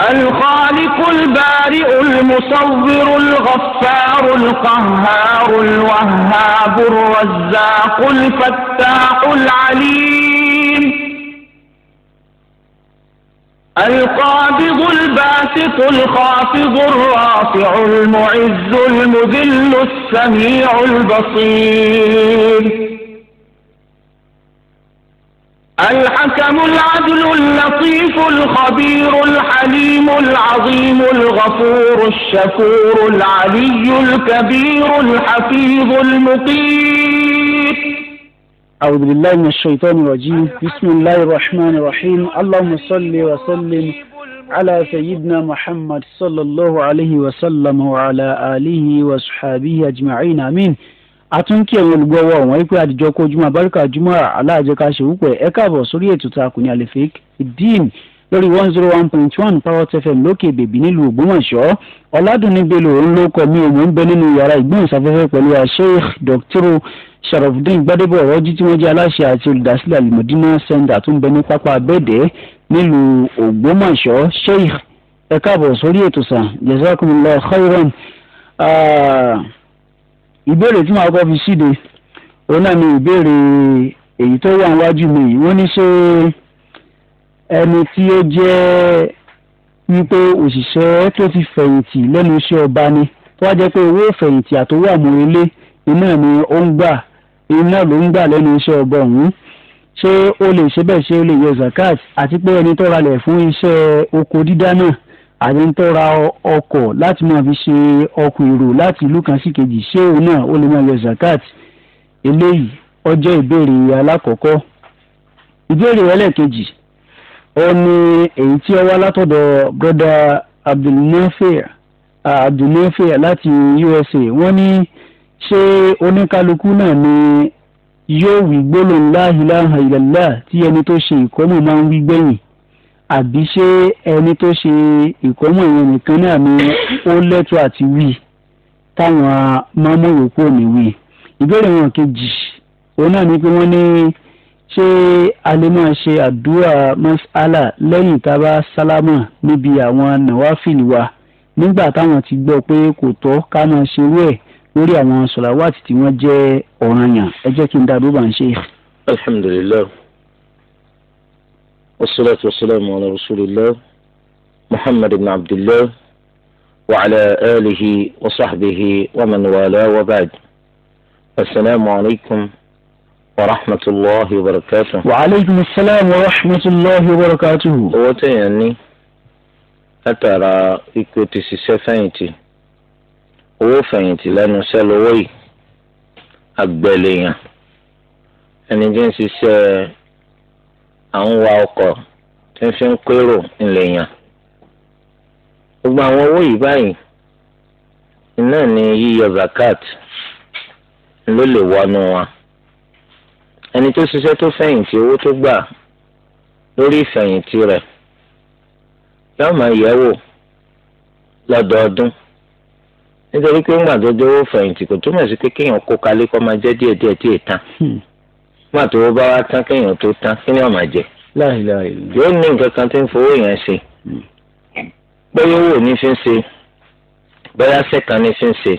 الخالق البارئ المصور الغفار القهار الوهاب الرزاق الفتاح العليم القابض الباسط الخافض الرافع المعز المذل السميع البصير الحكم العدل اللطيف الخبير الحليم العظيم الغفور الشكور العلي الكبير الحفيظ المقيم أعوذ بالله من الشيطان الرجيم بسم الله الرحمن الرحيم اللهم صل وسلم على سيدنا محمد صلى الله عليه وسلم وعلى آله وصحبه أجمعين آمين a tún kí ẹ̀yin olùgbọ́wọ́ ọ̀wọ́n wípé àdìjọ kojúmọ́ abáríkà jùmọ́ aláàjẹká ṣerúpẹ̀ ẹ káàbọ̀ sórí ètò tá a kò ní lórí one zero one point one parrot fm lókè bèbí nílùú ògbómọ̀ṣọ́ ọ̀làdùnní bello ń ló kọ́ mi òun ń bẹ nínú yàrá ìgbóhùnsáfẹ́fẹ́ pẹ̀lú sheikh dr sharafdin gbadebo ọ̀rọ̀jì tí wọ́n jẹ́ aláṣẹ àti olùdásílẹ̀ alimọ̀dínà center tó ń bẹ ní pápá abẹ́ẹ̀dẹ́ nílùú ògbómọ̀ṣọ́ sheikh ẹ káàbọ̀ sórí ètò sàn jazakumullahu khairan. Ah, ìbéèrè tí màá kọ́ fi síde òun náà ni ìbéèrè èyí tó wà níwájú mi yìí wọ́n ní ṣé ẹni tí ó jẹ́ wípé òṣìṣẹ́ tó ti fẹ̀yìntì lẹ́nu iṣẹ́ ọba ni tó wá jẹ́ pé owó ìfẹ̀yìntì àtowó àmúrelé iná ni ó ń gbà iná ló ń gbà lẹ́nu iṣẹ́ ọba ọ̀hún ṣé ó lè ṣe bẹ́ẹ̀ ṣé ó lè yọ zakat àti pé ẹni tó ralẹ̀ fún iṣẹ́ oko dídá náà àbí ń tọ́ra ọkọ̀ láti máa fi ṣe ọkọ̀ èrò láti ìlú kan sí kejì ṣé òun náà ó lè máa yọ zakat eléyìí ó jẹ́ ìbéèrè alákọ̀ọ́kọ́ ìbéèrè ẹlẹ́ẹ̀kejì ó èyí tí ó wá látọ̀dọ̀ broda abdulnafir abdulnafir láti usa wọ́n ní ṣé oníkálukú náà ni yóò wí gbólóhùn la ilaha illallah tí ẹni tó ṣe ìkọ́mọ̀ máa ń wí gbẹ̀yìn àbí ṣé ẹni tó ṣe ìkọ́mọ̀ ìyẹn nìkan náà ni ó lẹ́tọ̀ọ́ àti wí táwọn mọ́mú yòókù ò ní wí ìbéèrè wọn kejì òun náà ni pé wọ́n ní ṣé a lè máa ṣe àdúrà masala lẹ́yìn tá a bá sálámà níbi àwọn nàwáfìlì wa nígbà táwọn ti gbọ́ pé kò tọ́ ká máa ṣerú ẹ̀ lórí àwọn sọ̀làwátì tí wọ́n jẹ́ ọ̀ranyàn ẹ jẹ́ kí n dá dúró bá ń ṣe. alhamdulilayi والصلاة والسلام على رسول الله محمد بن عبد الله وعلى آله وصحبه ومن والاه وبعد السلام عليكم ورحمة الله وبركاته وعليكم السلام ورحمة الله وبركاته هو أترى إكوتي سيسفينتي وفينتي fẹ̀yìntì سلوي أقبلين أنا جنسي àgbẹ̀lẹ̀yàn àwọn wa ọkọ̀ tí ń fi ń pérò ńlẹ̀ yàn. gbogbo àwọn owó yìí báyìí náà ni yíyọ zakat ló lè wọnú wa. ẹni tó ṣiṣẹ́ tó fẹ̀yìntì owó tó gbà lórí ìfẹ̀yìntì rẹ̀ yóò máa yẹ̀ wò lọ́dọọdún nítorí pé ńgbà tó owó fẹ̀yìntì kò túmọ̀ sí pé kéèyàn kó kalẹ̀ kó máa jẹ́ díẹ̀díẹ̀ díẹ̀ tán. Hmm. má tó bá wá tán kéèyàn tó tán kí ni ọ̀mà jẹ yóò ní nǹkan kan tí ń fowó yẹn ṣe hmm. bóyá owó ní fi ń ṣe bóyá sẹ́kàn ní fi ń ṣe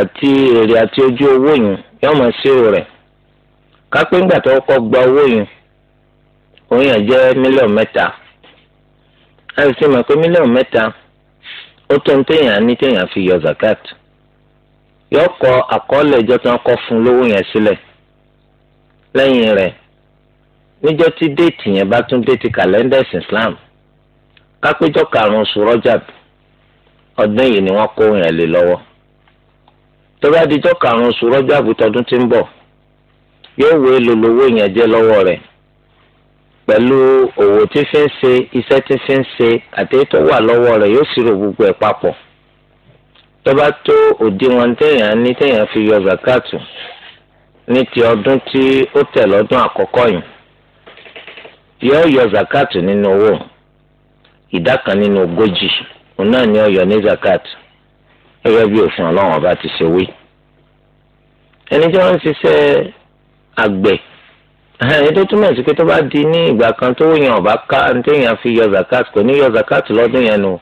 àti èrè àti ojú owó yẹn yóò máa ṣírò rẹ̀ kápẹ́ ńgbà tó kọ́ gba owó yẹn òun yẹn jẹ́ mílíọ̀nù mẹ́ta láti ṣe mọ̀ pé mílíọ̀nù mẹ́ta ó tó ń téèyàn ní téèyàn fi yọ zakat kọ àkọọ́lẹ̀ ìjọ tí wọ́n kọ́ fún lẹ́yìn rẹ̀ níjọ́ tí déètì yẹn bá tún déètì kàlẹ́ndà Islam kápẹ́jọ́ karùn-ún oṣù ọdún yìí ni wọ́n kó yẹn lé lọ́wọ́ tó bá karùn-ún oṣù tọdún tí ń bọ̀ yóò wé lolówó yẹn jẹ́ rẹ̀ fi ń ṣe iṣẹ́ fi ń ṣe àti wà lọ́wọ́ rẹ̀ yóò sì gbogbo ẹ̀ papọ̀ bá tó òdiwọ̀n ní ti ọdún tí ó tẹ̀ lọ́dún àkọ́kọ́ yìí yóò yọ zakat nínú owó ìdá kan nínú ogójì òun náà ni ó ní zakat gẹ́gẹ́ bí òfin ọlọ́run ọba ti ṣe wí. ẹni tí wọ́n ń ṣiṣẹ́ àgbẹ̀ ẹni tó túmọ̀ sí pé tó bá di ní ìgbà kan tó yàn ọba ká téèyàn fi yọ zakat kò ní yọ zakat lọ́dún yẹn nu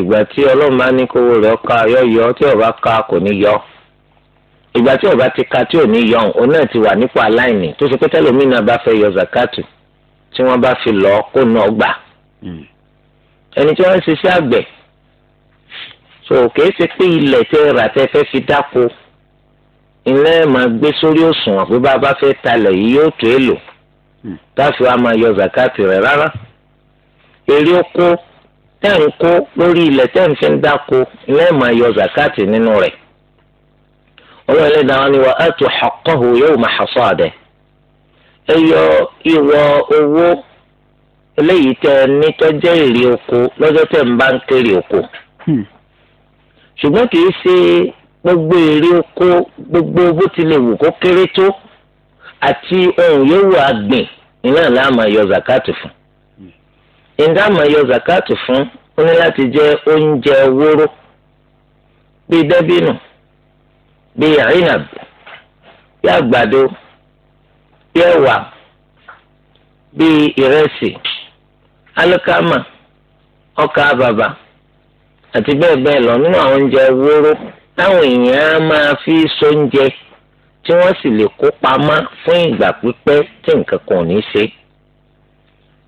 ìgbà tí ọlọ́run bá ní kówó rẹ̀ ká yọ yọ tí ọba ká kò ní yọ ìgbà tí ọba ti ka tí ò ní yọ̀hún òun náà ti wà nípò aláìní tó ṣe pé tẹlómìnà bá fẹ́ yọ zakatu tí wọ́n bá fi lọ kó náà gbà. Hmm. ẹni tí wọ́n ń ṣiṣẹ́ àgbẹ̀ so kìí ṣe pé ilẹ̀ tẹ́ rà tẹ́ fẹ́ fi dáko ilé máa gbé sórí òṣùwọ̀n pé bá a bá fẹ́ talẹ̀ yìí yóò tó èlò hmm. táfi wá máa yọ zakatu rẹ̀ rárá. èrè oko tẹ́ ń kó lórí ilẹ̀ tẹ́ ń fi dáko ilé máa yọ zakatu nínú rẹ̀. ọlọ́run na wọn ni wọ́n á tó haqqahu yawma hasadihi ẹ yọ ìwọ owó eléyìí tẹ ní tọ́jẹ́ oko lọ́jọ́ tẹ ń bá ń oko hmm. ṣùgbọ́n kì í gbogbo èrè oko gbogbo bó tilẹ̀ wù kó kéré tó àti ohun yòówù àgbìn iná yọ fún hmm. ìdá yọ fún ó ní láti oúnjẹ wóró bíi bíi inab bíi àgbàdo bíi ẹ̀wà bíi ìrẹsì alikama ọkà bàbà àti bẹ́ẹ̀ bẹ́ẹ̀ lọ nínú àwọn oúnjẹ wóró táwọn èèyàn á máa fi sóúnjẹ tí wọ́n sì lè kó pamọ́ fún ìgbà pípẹ́ tí nǹkan kan ò ní ṣe.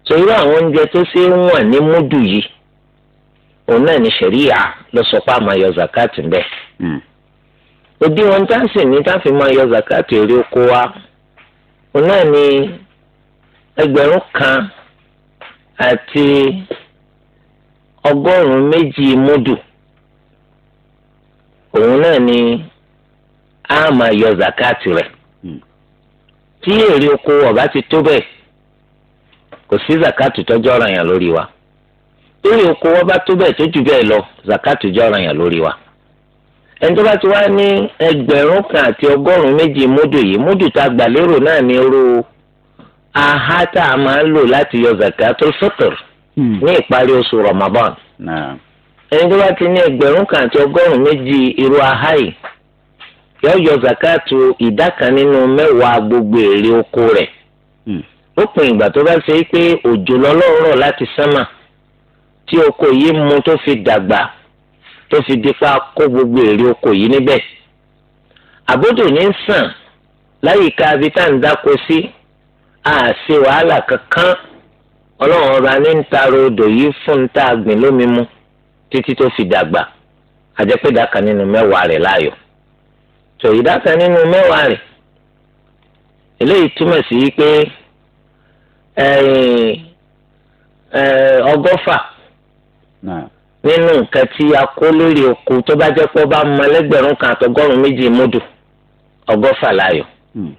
sòrò àwọn oúnjẹ tó ṣe ń wọ̀n ní múdù yìí òun náà ní sẹ̀ríyà lọ́sọ̀pá àmọ́ ayọ̀ zakati ń bẹ̀. Hmm òdi wọn tá sì ní tá fi máa yọ zakati èrè oko wa òun náà ní ẹgbẹ̀rún kan àti ọgọ́rùn-ún méjì múdù òun náà ní a máa yọ zakati rẹ̀ hmm. tí èrè oko ọba ti tó bẹ́ẹ̀ kò sí zakati tọ́jú ọ̀ranyàn lórí wa èrè oko ọba tó bẹ́ẹ̀ tó jù bẹ́ẹ̀ lọ zakati jọ ọ̀ranyàn lórí wa. ẹnitọ́ bá ti wá ní ẹgbẹ̀rún kan àti ọgọ́rùn-ún méjì módù yìí módù tá a náà ní irú aha tá a máa ń lò láti yọ zakatul fitr hmm. ní ìparí oṣù Ramadan ẹnitọ́ bá ti ní ẹgbẹ̀rún kan àti ọgọ́rùn-ún méjì irú aha yìí yọ yọ zakatu ìdá kan nínú mẹ́wàá gbogbo èrè oko rẹ̀ hmm. ó pin ìgbà tó bá ṣe pé òjò lọ́lọ́rọ̀ láti sánmà tí oko yìí mú tó fi dàgbà tó fi di pa kó gbogbo èrè oko yìí níbẹ̀ àbójò ní ń sàn láyìíká bí tá à ń dáko sí a ṣe wàhálà kankan ọlọ́run ọba ní ń taro odò yìí fún un tá a gbìn lómi mu títí tó fi dàgbà àjẹpẹ́dà nínú mẹ́wàá rẹ̀ láàyò tòyí dàkà nínú mẹ́wàá rẹ̀ eléyìí túmọ̀ sí pé ọgọ́fà nínú nǹkan tí a kó lórí oko tó bá jẹ́ pé ó bá mọ ẹlẹ́gbẹ̀rún kan àtọgọ́rùn méjì múdù ọgọ́fà láyọ̀ hmm.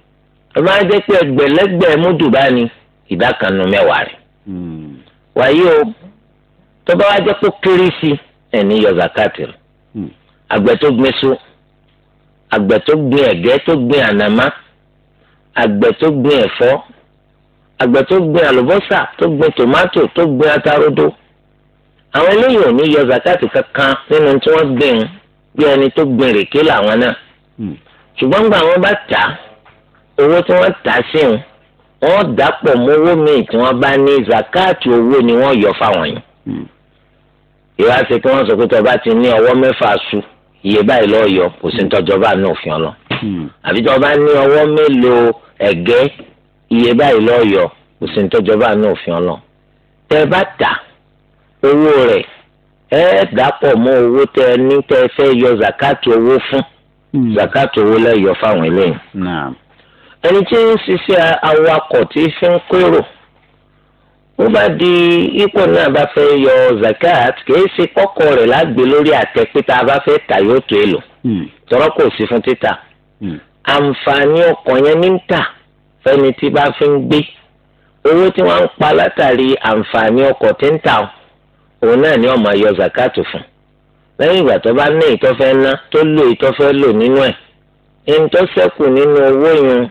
ó máa jẹ́ pé ẹgbẹ̀lẹ́gbẹ̀ múdù bá ní ìdá kan nu mẹ́wàá rẹ̀ hmm. wàyí o tó bá wá jẹ́ pé kéré sí ẹni yọ zakati rẹ̀ hmm. àgbẹ̀ tó gbin sú àgbẹ̀ tó gbin ẹ̀gẹ́ tó gbin ànàmá àgbẹ̀ tó gbin ẹ̀fọ́ àgbẹ̀ tó gbin àlùbọ́sà tó gbin tòmátò tó gbin atarodo àwọn eléyìí ò ní yọ zakati kankan nínú tí wọ́n gbìn bí ẹni tó gbìn rèké làwọn náà hmm. ṣùgbọ́n gbà wọ́n bá tà owó tí wọ́n tà sí wọn wọ́n dàpọ̀ mówó míì tí wọ́n bá ní zakati owó ni wọ́n yọ fáwọn yìí hmm. ìwà ṣe kí wọ́n sọ pé tọba ti ní ọwọ́ mẹ́fà su iye báyìí lọ́ọ́ yọ kò sí nítọ́jọba ní òfin ọlọ hmm. àbí tọba ní ọwọ́ mélòó ẹ̀gẹ́ iye báyìí lọ́ọ́ yọ kò sí nítọ́jọba ní òfin ọlọ tẹ bá tà owó rẹ̀ ẹ dàpọ̀ mọ́ owó tẹ ní tẹ fẹ́ yọ zakati owó fún hmm. zakati owó lẹ́yọ fáwọn eléyìí. ẹni tí ń ṣiṣẹ́ awakọ̀ tí fi ń kérò ó bá di ipò náà bá fẹ́ yọ zakat kìí ṣe kọ́kọ́ rẹ̀ lágbè lórí àtẹ pé a bá fẹ́ tà yóò tó èlò hmm. tọrọ kò sí fún títà hmm. àǹfààní ọkọ̀ yẹn ní ń tà fẹ́ni tí bá fi ń gbé owó tí wọ́n ń pa látàrí àǹfààní ọkọ̀ tí ń tà ọ́ òun náà ni ọmọ ayọ zakato fún lẹ́yìn ìgbà tó bá ní ìtọ́fẹ́ ná tó lò ìtọ́fẹ́ lò nínú ẹ̀ ẹni tó ṣẹ́kù nínú owó yun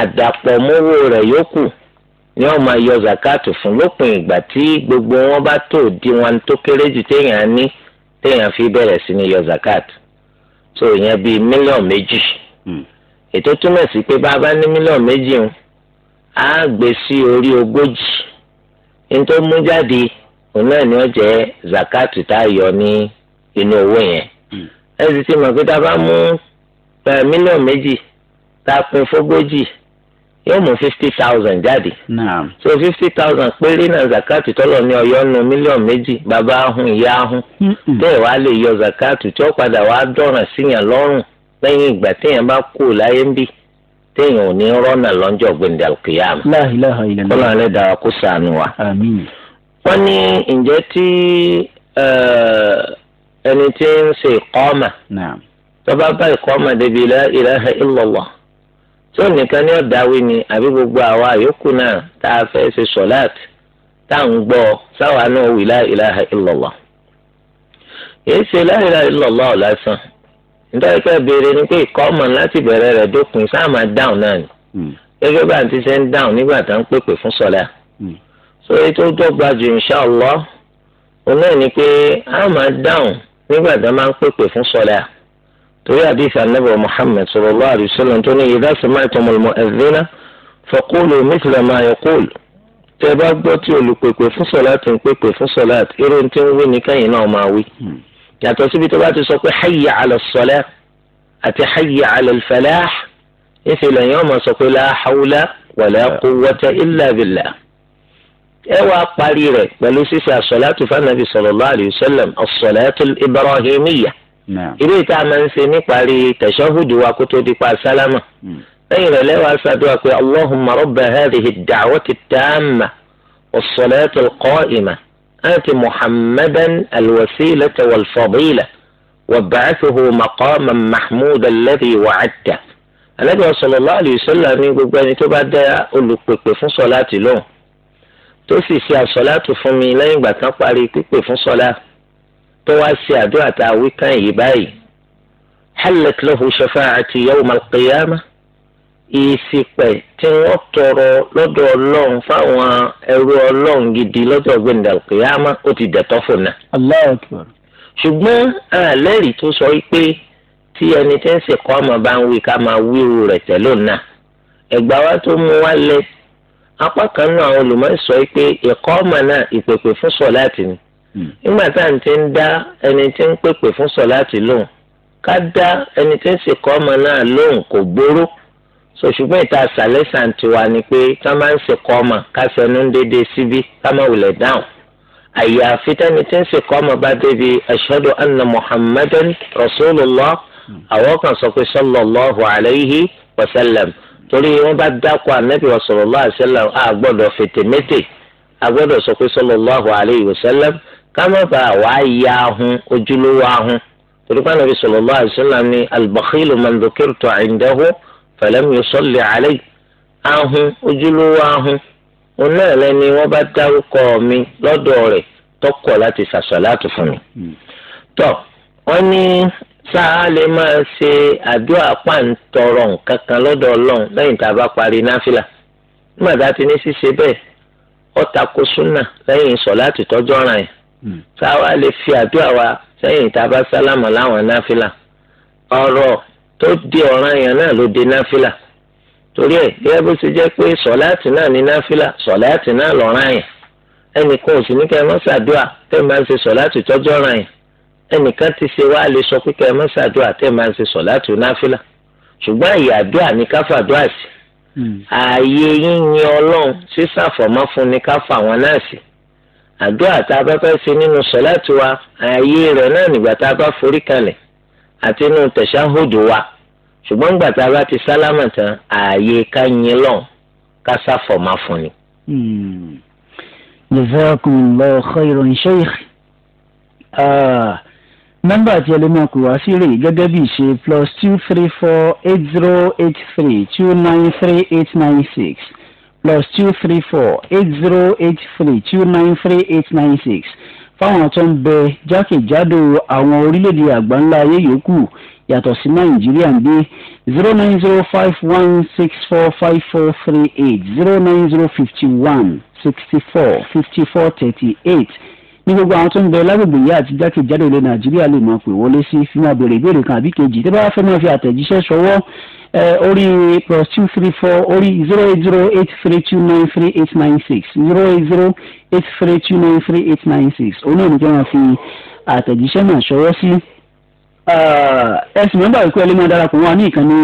àdàpọ̀ mówó rẹ̀ yókù ni ọmọ ayọ zakato fún lópin ìgbà tí gbogbo wọn bá tó di wọn tó kéré jù téèyàn ní téèyàn fi bẹ̀rẹ̀ sí ní yọ zakat tó yẹn bíi mílíọ̀n méjì hmm. ètò túmọ̀ sí pé bá a bá ní mílíọ̀n méjì ń á gbé sí orí ogójì ní tó mú jáde òun náà ni ó jẹ́ zakatu tá a yọ ní inú owó yẹn hmm. ti pé tá a bá mú eh, mílíọ̀nù méjì tá a pín fógójì yóò mú fifty thousand jáde so fifty thousand péré náà zakatu tọ́lọ̀ ní ọ̀yọ́ nu mílíọ̀nù méjì bàbá ahun ìyá ahun bẹ́ẹ̀ wàá lè yọ zakatu tí ó padà wàá dọ̀ràn síyàn lọ́rùn lẹ́yìn ìgbà téèyàn bá kú láyé ń bì téèyàn ò ní wa. wọ́n ní ǹjẹ́ tí ẹni tí ń ṣe ìkọ́mà tó bá ìkọ́mà débi la ilaha nìkan ní ọ̀dáwí ni àbí gbogbo àwa àyókù náà tá a fẹ́ ṣe sọ̀láàtì tá à ń gbọ́ sáwa náà wí ilaha èyí ṣe nítorí pé béèrè ni pé ìkọ́mà láti bẹ̀rẹ̀ rẹ̀ dópin fún hmm. so ètò dọ́gba jù inṣàlá òun náà ni pé a máa dáhùn nígbà tá a máa ń pèpè fún sọlá torí àdìsí anábì muhammed sallallahu alaihi wasallam tó ní idha sami'tumul mu'adhdhina faqulu mithla ma yaqulu tẹ bá gbọ́ tí olùpèpè fún sọlá ti ń pèpè fún sọlá irú tí ń wí ní kẹ́yìn náà máa wí yàtọ̀ síbi tó bá ti sọ pé hayya ala sọlá àti ẹ wá parí rẹ̀ pẹ̀lú ṣíṣe àsọ̀látù fanabi sallallahu alayhi wa sallam àsọ̀látù ibrahimiyya ilé ìta máa ń ṣe níparí tẹ̀sánhùdù wa kó tó di pa sálámà lẹ́yìn rẹ̀ lẹwà sàdúrà pé allahumma rabba hadhihi ad-da'wati at-tamma was-salati al-qa'ima ati muhammadan al-wasilata wal-fadila wab'athuhu maqaman mahmuda alladhi wa'adta anabi sallallahu alayhi wa sallam ní gbogbo ẹni tó bá dá olùpèpè fún sọ̀láàtì lóhùn tó sì ṣe àsọ̀látù fún mi lẹ́yìn ìgbà kan parí pípè fún sọ́lá tó wá ṣe àdúrà tá a wí kán yìí báyìí hallat lahu shafa'ati yawm al-qiyamah ìsìpẹ̀ tí wọ́n tọrọ lọ́dọ̀ ọlọ́run fáwọn ẹrú ọlọ́run gidi lọ́dọ̀ gbẹ̀ndà al-qiyamah ó ti dẹ̀tọ́ fún náà. ṣùgbọ́n àlẹ́rìí tó sọ pé tí ẹni tẹ́ ń ọmọ bá ń wí ká máa wíru rẹ̀ tẹ́lọ̀ náà ẹ̀gbá wa tó mú wa lẹ apá kan náà àwọn olùmọ̀ọ́sọ yìí pé ẹ̀kọ́ ọmọ náà ìpèpè fún sọ̀láàtì ni hmm. nígbà tá à ń ti ń dá ẹni tí ń pèpè fún sọ̀láàtì lóhùn ká dá ẹni tí ń sèkọ́ ọmọ náà lóhùn kò gbóró so ìta àṣàlẹ̀ wa ni pé ká máa ń sèkọ́ ọmọ ká sẹnu ń dédé síbí ká má wulẹ̀ dáhùn àyàfi tẹ́ni tí ń sèkọ́ ọmọ bá débi ashhadu anna muhammadan rasulullah hmm. àwọn kan sọ pé sallallahu torí wọ́n bá dákọ ànábì wa sallallahu alaihi wasallam a gbọ́dọ̀ fètèmétè a gbọ́dọ̀ sọ pé sallallahu alaihi wasallam ká má bàa wà á ya ahun ojúlówó ahun torí pé ànábì sallallahu alaihi wasallam ni al-bakhilu man dhukirtu indahu falam yusalli alayhi ahun ojúlówó ahun òun náà lẹni wọ́n bá dárúkọ mi lọ́dọ̀ rẹ̀ tọkọ láti ṣàṣàlátù fún mi. Hmm. tọ́ wọ́n ní sáà lè máa ṣe àdúrà pàǹtọrọ nǹkan kan lọ́dọ̀ ọlọ́run lẹ́yìn tá a bá parí náfìlà nígbà tá a ti ní ṣíṣe bẹ́ẹ̀ ó tako súnà lẹ́yìn sọ̀láàtì tọ́jọ́ ràn yẹn hmm. sáà wá lè fi àdúrà wa lẹ́yìn tá a bá sálámà láwọn náfìlà ọ̀rọ̀ tó di ọ̀ràn yẹn náà ló di náfìlà torí ẹ̀ yẹ bó ṣe jẹ́ pé sọ̀láàtì náà ní náfìlà sọ̀láàtì náà lọ́ràn yẹn ẹnì kan ò sì ẹnìkan ti ṣe wá lè sọ pé kẹ́ ẹ má ṣàdúrà tẹ́ ẹ máa ń ṣe sọ láti onáfílà ṣùgbọ́n àyè àdúrà ní ká fàdúrà sí hmm. ààyè yíyin ọlọ́run sísàfọ̀mọ́ fún ni ká fà wọn náà sí àdúrà tá a bá fẹ́ ṣe nínú sọ̀láàtì wa ààyè rẹ̀ náà nígbà tá a bá forí kalẹ̀ àti inú tẹ̀síáhódù wa ṣùgbọ́n nígbà tá a bá ti sálámà tán ààyè ká yin lọ́n ká fún ni. Hmm. jazakumullahu khairan sheikh. Ah, nọ́mbà tí ẹlẹ́mìíràn kò wá sí rèé gẹ́gẹ́ bí ṣe plus two three four eight zero eight three two nine three eight nine six plus two three four eight zero eight three two nine three eight nine six fáwọn tó ń bẹ jákèjádò àwọn orílẹ̀-èdè àgbáńlá ayé yòókù yàtọ̀ sí nàìjíríà ń gbé zero nine zero five one six four five four three eight zero nine zero fifty one sixty four fifty four thirty eight ní gbogbo àwọn tó ń bẹ lágbègbè yìí àti jákèjádò ilẹ̀ nàìjíríà lè máa pè wọlé sí fi máa béèrè ìbéèrè kan àbí kejì tẹ́ bá fẹ́ máa fi àtẹ̀jíṣẹ́ ṣọwọ́ orí plus two three four orí zero eight zero eight three two nine three eight nine six zero eight zero eight three two nine three eight nine six òun náà ní kí wọ́n fi àtẹ̀jíṣẹ́ náà ṣọwọ́ sí. ẹ̀sìn mẹ́bàá ìkú ẹlẹ́mọ̀ darapọ̀ wọn ní ìkànnì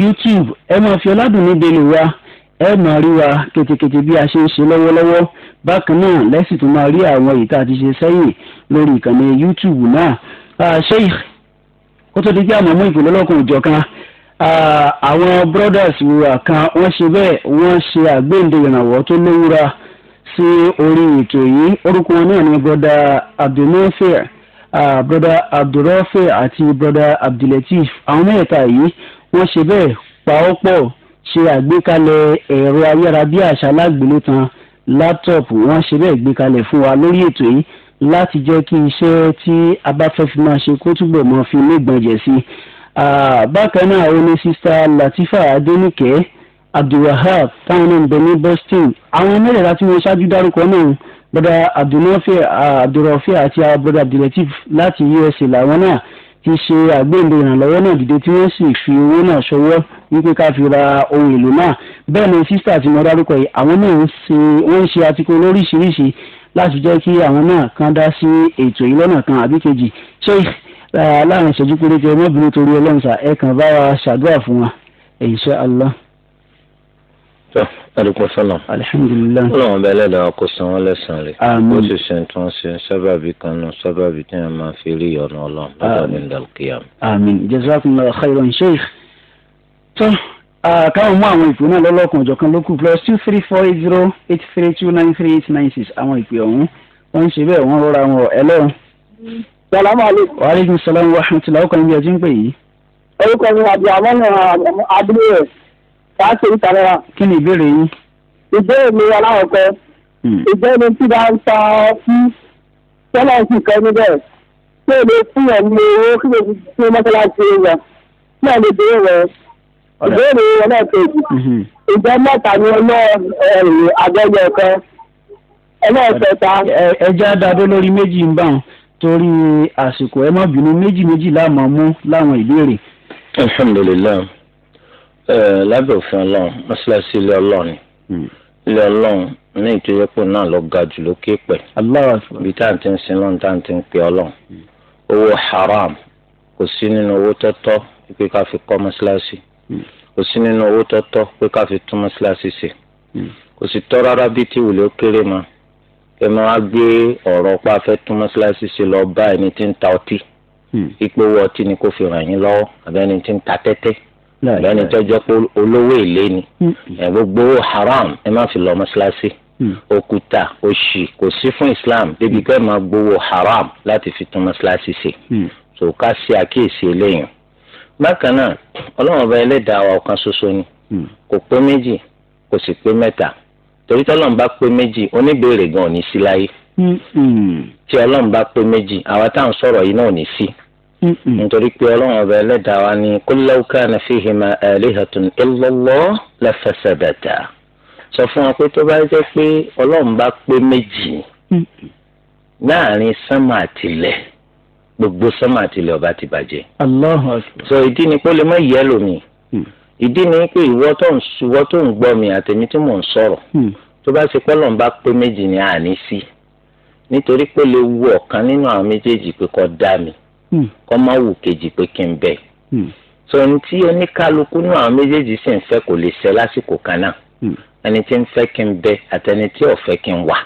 YouTube ẹ máa fi ọládùn níbi ìlú wa ẹ máa bákan náà lẹ́sìn tó máa rí àwọn èyí tá a ti ṣe sẹ́yìn lórí ìkànnì youtube náà sheikh ó tó di pé àmọ́ mú ìpìlẹ̀ ọlọ́kùnrin òjọ̀ kan àwọn brothers wura kan wọ́n ṣe bẹ́ẹ̀ wọ́n ṣe àgbéǹde ìrànwọ́ tó léwura sí orí ètò yìí orúkọ wọn náà ni brother abdulmufir brother abdulrafir àti brother abdulateef àwọn mẹ́ta yìí wọ́n ṣe bẹ́ẹ̀ pa ọ́ pọ̀ ṣe àgbékalẹ̀ ẹ̀rọ ayárabíàṣá lágbèlú laptop wọ́n ṣe bẹ́ẹ̀ gbé kalẹ̀ fún wa lórí ètò yìí láti jẹ́ kí iṣẹ́ tí a bá fẹ́ fi máa ṣe kó túbọ̀ mọ́ fi lẹ́gbọ̀njẹ̀ sí i. bákan náà ó ní sista Latifa Adenike Abdulrahab táwọn náà ń bẹ ní Boston àwọn mẹ́rẹ̀ẹ̀ta tí wọ́n ṣáájú dárúkọ náà bọ́dà Abdulrafi àti bọ́dà Abdulatif láti USA làwọn náà ti ṣe àgbéǹde ìrànlọ́wọ́ náà dìde tí wọ́n sì fi owó náà ṣọwọ́ wípé ká fi ra ohun èlò náà bẹ́ẹ̀ ni sísà tí mo dárúkọ yìí àwọn náà ń ṣe wọ́n ń ṣe àtìkò lóríṣiríṣi láti jẹ́ kí àwọn náà kan dá sí ètò yìí lọ́nà kan àbí kejì ṣé láàrin ìṣẹ́jú péréte ọmọbìnrin torí ọlọ́run sà ẹ kàn bá wa ṣàdúrà fún wa insha Allah. Alukun salam. Alhamdulilayi. Ọlọ́run bẹ́ẹ̀ lẹ́dàá ọkọ̀ san wọ́n lẹ́sàn-án rẹ̀. Àmín. Ó sì ṣe tí wọ́n ṣe sábàbí kan náà sábàbí tí wọ́n máa fi rí ọ̀nà ọlọ́run. Bàbá mi ń dàlùkìyàmù. Àmín. Jazakumullahu khairan sheikh tán káwọn mú àwọn ìpè náà lọ́lọ́kan ọ̀jọ̀kan lókù plus two three four eight zero eight three two nine three eight nine six àwọn ìpè ọ̀hún wọ́n ń ṣe bẹ́ẹ̀ wọ́n rọra wọn ẹ̀ lọ́rùn. salamu aleykum. wa aleykum salaam wa rahmatulah ọkọ níbi ẹjọ́ ń pè yìí. orúkọ mi àbí àwọn àdúgbò rẹ̀ wàá ṣe ìtàlẹ́ra. kí ni ìbéèrè yín. ìbéèrè mi aláwọ̀kọ. ìbéèrè mi ti bá ń ta ọtí tẹ́lẹ̀ sí kan níbẹ̀ tí èmi fún ẹ̀ ní owó kí ìbéèrè ẹlẹ́ẹ̀kejì mhm. ìjọ mẹ́ta ni ọlọ́ àjọyọ̀ kan ẹlẹ́ẹ̀kẹta. ẹja dadó lórí méjì ń bà wọn torí àsìkò ẹ má bínú méjì méjì láàmú mú láwọn ìbéèrè. alhamdulilayi lábẹ́ òfin ọlọ́run mọ́ṣáláṣí ilé ọlọ́run hmm. ilé ọlọ́run ní ìtòyẹ́pọ̀ náà lọ ga jù lókè pẹ̀ bí tá à ń ti ń sin lọ́n tá à ń ti ń pè ọlọ́run hmm. owó haram kò sí nínú owó tọ́tọ́ pé ká fi kọ́ mọ́ṣáláṣí kò sí nínú owó tọ́tọ́ pé ká fi tún mọ́ṣáláṣí ṣe hmm. kò sì tọ́ rárá bí tí wùlé ó kéré ma ẹ máa gbé ọ̀rọ̀ pa fẹ́ tún mọ́ṣáláṣí ṣe lọ bá ẹni tí ń ta ọtí hmm. ipò owó ọtí ni kò fi ràn yín lọ́wọ́ àbẹ́ni tí ń ta tẹ́tẹ́ àbẹ́ni tó jẹ́ pé olówó èlé ni hmm. gbogbo haram ẹ má fi lọ mọ́ṣáláṣí òkúta òṣì kò sí fún Islam débi pé máa gbowó haram láti fi tún mọ́ṣáláṣí ṣe so ká ṣe àkíyèsí eléyìí bákan náà ọlọ́run ọba ẹlẹ́dàá wa ọ̀kan ṣoṣo ni hmm. kò pé méjì kò sì pé mẹ́ta torí tọ́lọ́run bá pé méjì oníbèrè gan ò ní sí láyé hmm. tí ọlọ́run bá pé méjì àwa táwọn sọ̀rọ̀ yìí náà ò ní sí hmm. nítorí pé ọlọ́run ọba ẹlẹ́dàá wa ni kul law kana fihima alihatun illallah sọ fún wa pé tó bá jẹ́ pé ọlọ́run bá pé méjì láàrin sánmà àtìlẹ̀ gbogbo sọ́mà àtìlẹ̀ ọba ti bàjẹ́. sọ ìdí ni pé ó lè má yẹ lómi hmm. ìdí ni pé ìwọ tó ń ìwọ tó ń gbọ́ mi àtẹ̀mí tí mò ń sọ̀rọ̀ hmm. tó bá ṣe pẹ́lọ́n bá pé méjì ni àní sí nítorí pé lè wu ọ̀kan nínú àwọn méjèèjì pé kó dá mi hmm. kó má wù kejì pé kí n bẹ̀. sọ ní tí oníkálukú nínú àwọn méjèèjì sì ń fẹ́ kò lè ṣẹ lásìkò kan náà ẹni tí ń fẹ́ kí n bẹ àtẹni tí ò fẹ́ kí n wà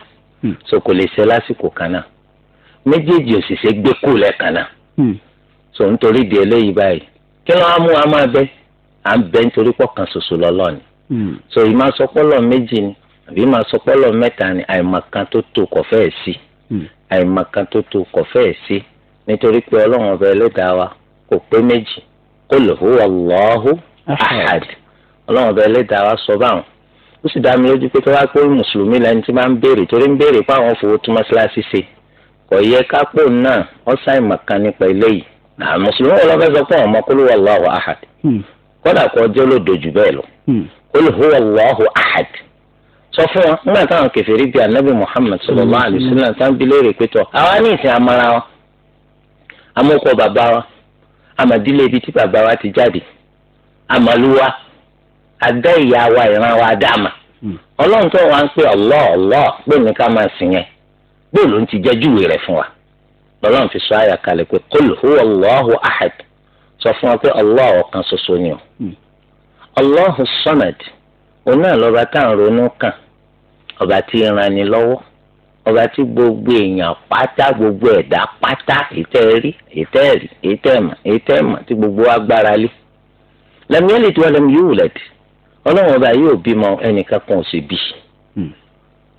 so kò lè ṣẹ lásìkò kan náà méjèèjì òṣìṣẹ́ gbé kù lẹ́ẹ̀kan náà hmm. so nítorí di eléyìí báyìí kí ló wá mú wa máa bẹ à ń bẹ nítorí pọ̀ ṣoṣo lọ́lọ́ ni hmm. so ìmọ̀ sọpọ́lọ̀ méjì ni àbí ìmọ̀ sọpọ́lọ̀ mẹ́ta ni àìmọ̀kan tó tó kọ̀ fẹ́ẹ̀ sí hmm. àìmọ̀kan tó tó kọ̀ fẹ́ẹ̀ sí nítorí pé ọlọ́run ọba ẹlẹ́dàá wa kò pé méjì qul huwa Allahu ahad ọlọ́run ọba ẹlẹ́dàá wa sọ báwọn ó sì dá mi lójú pé tó wá pé mùsùlùmí lẹni tí máa ń béèrè torí ń béèrè pé àwọn fowó tún mọ́ṣáláṣí ṣe kò yẹ kápò náà ọ̀sán ìmọ̀kan nípa eléyìí mùsùlùmí wọn lọ́fẹ́ sọ ọmọ kólú wà ahad hmm. kódà kó hmm. ahad sọ fún wọn nígbà táwọn bíi anabi Muhammad hmm. léèrè pé tọ àwa ní ìsìn amara bàbá amadílé ibi tí bàbá wa ti amaluwa ìyá wa ìran wa dáàmà ọlọ́run tó wà ń bó ló ń ti jẹ́ júwe rẹ̀ fún wa lọ́lọ́run fi sọ àyà kalẹ̀ pé qul huwa Allahu ahad sọ fún wa pé Allah ọ̀kan ṣoṣo ni o hmm. Allahu samad òun náà lọ́ba tá à ń ronú kàn ọba tí ń ranni lọ́wọ́ ọba tí gbogbo èèyàn pátá gbogbo ẹ̀dá pátá ìtẹ́rí ìtẹ́rí ìtẹ́mà ìtẹ́mà tí gbogbo wa gbára lé lam yalid wa lam yulad ọlọ́run ọba yóò bímọ ẹnìkan kan ò sì bí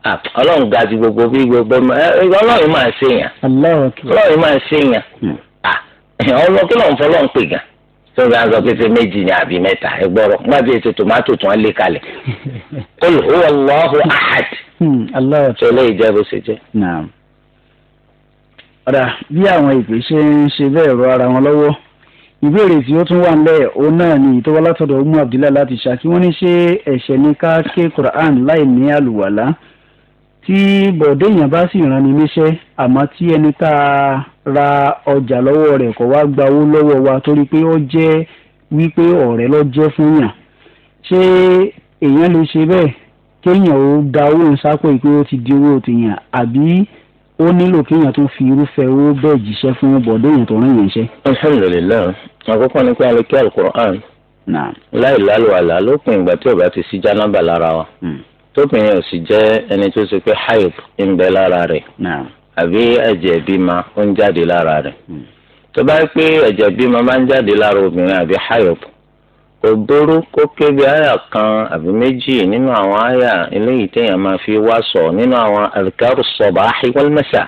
ọlọ́run ga ju gbogbo bí gbogbo ọlọ́run máa ṣe yàn ọlọ́run máa ṣe yàn hmm. ọlọ́run kí lóun fọlọ́run pè gan tó bá ń sọ pé ṣe méjì ni àbí mẹ́ta ẹ gbọ́rọ̀ nígbà tí ètò tòmátò tí wọ́n lé kalẹ̀ qul huwa Allahu ahad tó hmm, lè jẹ́ bó ṣe jẹ́. ọ̀rà bí àwọn ìpè ṣe ń ṣe bẹ́ẹ̀ rọ ara wọn lọ́wọ́ ìbéèrè tí ó tún wà nílẹ̀ òun náà ni ìtọ́wọ́ látọ̀dọ̀ umu abdullahi láti ṣá kí wọ́n ní ṣe ẹ̀ṣẹ̀ ní ká ké Qur'an láì ní àlùwàlá tí bọ̀dé èèyàn bá sì rán ni níṣẹ́ àmọ́ tí ẹni tá a ra ọjà lọ́wọ́ rẹ̀ kó wá gba owó lọ́wọ́ wa torí pé ó jẹ́ wípé ọ̀rẹ́ ló jẹ́ fún yàn ṣé èèyàn lè ṣe bẹ́ẹ̀ kéèyàn ó da owó ń sápò pé ó ti di owó tèèyàn àbí ó nílò kéèyàn tó fi irúfẹ́ owó bẹ́ẹ̀ jíṣẹ́ fún bọ̀dé èèyàn tó rán yàn ṣẹ́. alhamdulilayi ni pé alẹ́ kí alukur'an láì lálùwàlà lópin ìgbà tí ó bá ti sí jánábà lára wa. Mm tóbìnrin ò sì jẹ́ ẹni tó ṣe pé hayop ń bẹ lára rẹ̀ àbí ẹ̀jẹ̀ bímọ ó ń jáde lára rẹ̀ hmm. tó bá yẹ pé ẹ̀jẹ̀ bímọ bá ń jáde lára obìnrin àbí hayop kò burú kó kébi àyà kan àbí méjì nínú àwọn àyà eléyìí téèyàn máa fi wá sọ nínú àwọn alikaru sabahi wal masa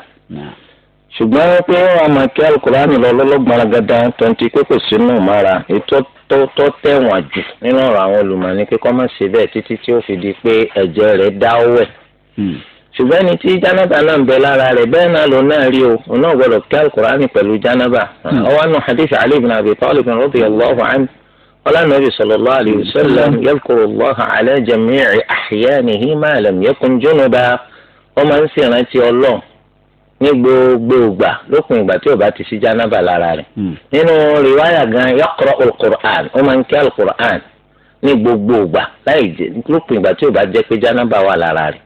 ṣùgbọ́n pé wọ́n máa kí alukurani lọ lọ́lọ́gbọ̀n gàdán tó ń ti kókò sínú mọ́ra ètò tó tó tẹ̀wọ̀n jù nínú ọ̀rọ̀ àwọn olùmọ̀ọ́ni pé kọ́ máa ṣe bẹ́ẹ̀ títí tí ó fi di pé ẹ̀jẹ̀ rẹ̀ dáwẹ̀. Hmm. ṣùgbọ́n ẹni tí jánábà náà ń bẹ lára rẹ̀ bẹ́ẹ̀ náà ló náà rí o òun náà gbọ́dọ̀ kí alukurani pẹ̀lú jánábà. ọwọ́ hmm. nù hadith ali ibn abi talib radiyallahu anhu ọlànàbì sallallahu alayhi wa sallam hmm. yadhkurullaha ala jami'i ahyanihi ma lam yakun junuba ní gbogbo ìgbà lókun ìgbà tí ó bá ti sí jánábà lára rị. Hmm. nínú rìwáyà gan yọkọrọ alukur'an ó máa ń kí alukur'an ní gbogbo ìgbà láì jẹ lókun ìgbà tí ó bá jẹ pé jánábà wà lára rẹ̀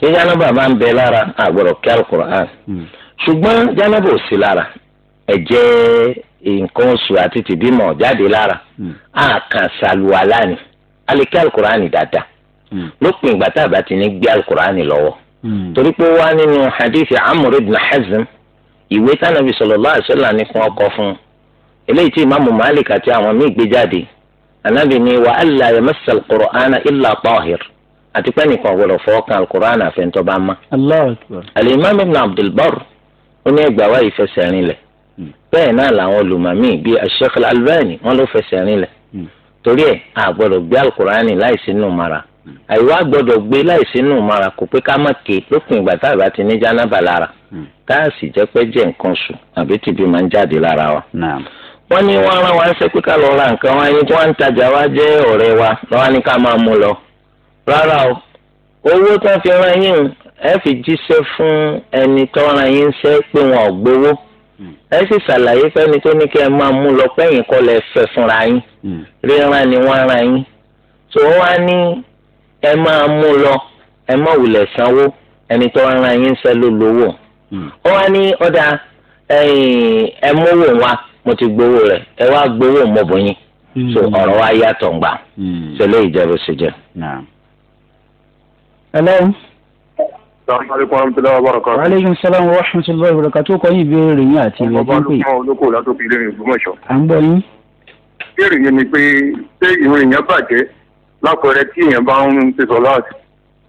tí jánábà máa ń bẹ lára àgbọ̀rọ̀ kí hmm. ò sí lára nǹkan oṣù àti tìbímọ jáde lára hmm. ṣàlùwàlá ni kí dáadáa lókun ìgbà a bá ti ní gbé lọwọ. Hmm. torí pé wá nínú hadithi amúr ibn hazm ìwé tánàbí sallallahu alaihi wasallam ní kún ọkọ fún un eléyìí tí ìmáàmù malik àti àwọn míì gbé jáde anábì ní wa alla yamassa al-qur'ana illa tahir àti pé nìkan gbọdọ̀ fọwọ́kan al-qur'ana àfẹ́ntọ́ bá má. al-imam ibn abdul barr ó ní ẹgbàá wáyé fẹsẹ̀ rinlẹ̀ hmm. bẹ́ẹ̀ náà làwọn olùmọ̀mí bíi al albani wọ́n ló fẹsẹ̀ rinlẹ̀ hmm. torí ẹ̀ àgbọ̀dọ̀ gbé al-qur'ani láìsí nù mara àìwá gbọ́dọ̀ gbé láìsí nù mara kò pé ká má ké lópin ìgbà tá a bá ti ní jánábà lára hmm. tá a sì jẹ́ pé jẹ́ nǹkan sùn àbí tìbí máa ń jáde lára wa. wọ́n ní wọ́n rán wa ń ṣe pé ká lọ ra nǹkan wa ẹni tí wọ́n ń tajà wa jẹ́ ọ̀rẹ́ wa lọ́wọ́ ní ká máa mú lọ. rárá o owó tó ń fi ran yín ẹ fi jíṣẹ́ fún ẹni tó ran yín ṣe pé wọn ò gbowó hmm. ẹ sì ṣàlàyé fẹ́ni tó ní kẹ́ ẹ máa mú lọ pẹ́yìn kọ́ lẹ fúnra yín hmm. ríran ni wọ́n ran yín tó wá ní ẹ máa mú lọ ẹ má wulẹ̀ sanwó ẹni tó ń ran yín sẹ́ ló lówó hmm. ó wá ní ọ̀dà ẹ mówó wa mo ti gbowó rẹ̀ ẹ wá gbowó mọ́bọ̀ yín hmm. so ọ̀rọ̀ wa yàtọ̀ ń gbà ṣẹlẹ̀ ìjẹ́bù sí jẹ́. hello. salaam wa rahmatulahi wa barakatuh kọ́ yín ìbéèrè yín àti ìwé tó ń pè. ń gbọ́ yín. ìbéèrè yẹn ni pé ṣé ìròyìn yẹn bàjẹ́ lápẹẹrẹ tí èèyàn bá ń sọ láti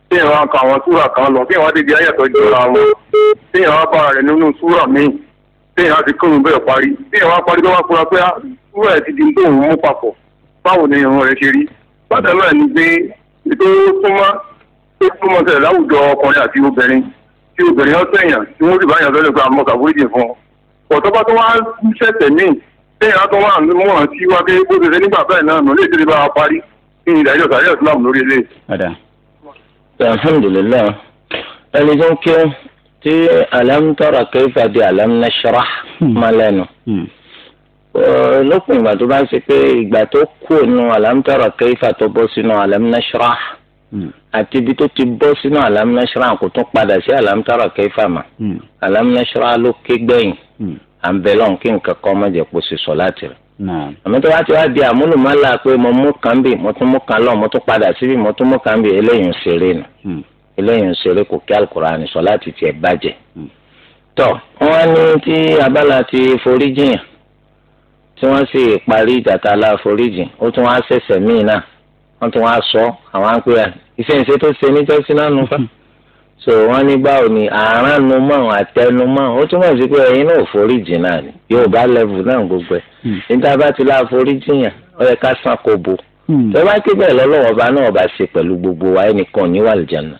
tí èèyàn bá àwọn súrà kan lọ tí èèyàn bá débi ayàtọ̀ jọra wọn tí èèyàn bá bára nínú súrà míì tí èèyàn ti kírun bẹ́ẹ̀ parí tí èèyàn bá parí tó bá fura pé ah, súrà ẹ̀ ti di tó òun mú papọ̀ báwo ni irun rẹ̀ ṣe rí bákan náà pé ètò súnmọ́ tó súnmọ́ sẹ̀ láwùjọ ọkùnrin àti obìnrin tí obìnrin ọ̀sẹ̀ èèyàn tí wọ́n sì bá yàn sọ́dọ̀ pé àmọ́ fún ọ̀tọ́ bá tó wá ń ṣẹ̀tẹ̀ míì ìdájọ́ sàrẹ́ islam lórí ilé. alhamdulilayi ẹni tó ń kí tí alam tara kayfa di alam nashrah hmm. máa lẹ́nu hmm. lópin ìgbà tó bá ń ṣe pé ìgbà tó kú nù alam tara kayfa tó bọ́ sínú alam nashrah hmm. àti ibi tó ti bọ́ sínú alam nashrah kò tún padà sí alam tara kayfa mà alam nashrah ló ké gbẹ̀yìn à ń bẹ lọ́n kí nǹkan kọ́ má jẹ́ sì sọ láti rẹ̀ àmọ́ tó bá ti wá di àmúlùmálà pé mo mú kan bì mo tún mú kan lọ mo tún padà síbi mo tún mú kan bì eléyìí ń ṣeré nù hmm. eléyìí ń ṣeré kò kí alukurani sọ láti tiẹ̀ bàjẹ́ hmm. tọ́ wọ́n ní tí abala ti forí jiyàn tí wọ́n sì parí ìjàta la forí jìn ó tún wá ṣẹ̀ṣẹ̀ míì náà wọ́n tún wá sọ àwọn á pè é ìṣẹ̀ǹṣẹ̀ tó ṣe níjọ́sí náà nù fún so wọn ní báwo ni àárán nu mọ àtẹnu mọ ó túmọ̀ sí pé ẹ̀yin náà forí jìnnà ni yóò bá lẹ́vù náà gbogbo ẹ̀ hmm. níta bá ti la forí jìyàn ó yẹ ká san kó bo hmm. tó bá ké bẹ́ẹ̀ lọ́lọ́wọ́ ọba náà ọba ṣe pẹ̀lú gbogbo wa ẹnìkan ní wàlìjánà.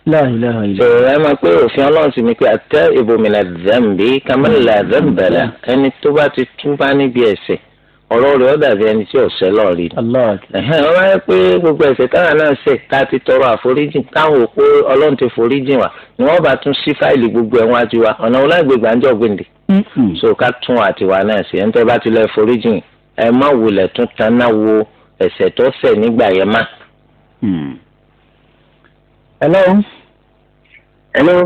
so ẹ máa pé òfin ọlọ́run sì ni pé àtẹ ìbòmìnà dẹ́m̀bì kàmẹ́lẹ̀ dẹ́m̀bẹ̀lẹ̀ ẹni tó bá ti túbá níbi ẹ̀ṣẹ̀ ọ̀rọ̀ rẹ̀ ó dàbí ẹni tí ọ̀sẹ̀ lọ rí ni. ẹ̀hẹ́n wọ́n wáyé pé gbogbo ẹ̀ṣẹ̀ táwọn náà ṣẹ̀ ká ti tọrọ àforíjì táwọn òpó ọlọ́run ti foríjì wá ni wọ́n bá tún sí fáìlì gbogbo ẹ̀wọ̀n àti wa ọ̀nà wọn láì gbégbá ń jọ gbèǹde. so ká tún àtiwá náà ṣe ẹni tó bá ti lọ foríjì ẹ má wulẹ̀ tún taná wo ẹ̀ṣẹ̀ tó ṣẹ̀ nígbà yẹn má. Mm. hello. hello.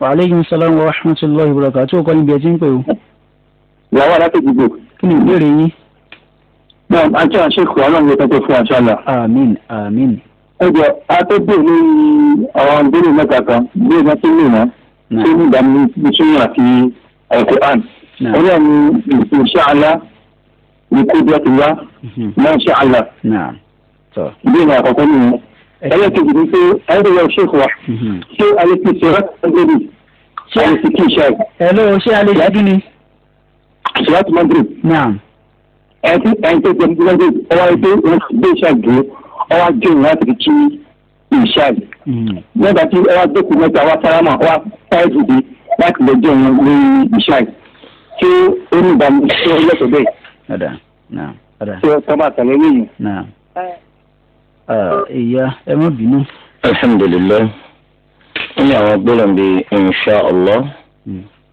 wa aleykum salaam wa rahmatulahi wa barakatuh kí ni ìbéèrè yín. náà àti àṣekù ọlọ́run ló tọ́jú fún aṣọ àlà. àmín àmín. ẹ jọ atẹ́gbẹ́ lórí àwọn ìbéèrè mẹ́ta kan bí ẹ̀ka tó lè wọ́n tó ní ìdààmú ìṣúná àti alquran. ọlọ́run insha Allah ní kó bí ọtí wá náà insha Allah. ìbéèrè àkọ́kọ́ nìyẹn. ẹlẹ́kejì ni pé ẹ̀rọ ṣèkù wa mhm. ṣé alẹ́ ti ṣe rẹ́ ẹ̀rọ ṣe kí ìṣe. ẹ̀rọ ṣé alẹ́ ṣe kí ni sọláàtì magreth. ẹtí ẹtí ẹtí ẹtí ẹtí ọwọ́ ẹgbẹ́ wọn gbé iṣẹ́ dùn ọwọ́ ajé òun láti fi kí iṣẹ́ rẹ̀. nígbà tí ọwọ́ adókòó mẹ́ta ọwọ́ sáramà ọwọ́ táyé dìde láti lọ jẹ́ òun lórí iṣẹ́ rẹ̀. ṣé ó ní ìbámu sí ọlọ́sọ̀ bẹ́ẹ̀. ṣé ọ̀sán bá tẹ̀lé lẹ́yìn. ìyá ẹ má bínú. alhamdulilayi wọ́n ní àwọn gbọ́dọ̀ bíi inṣàlá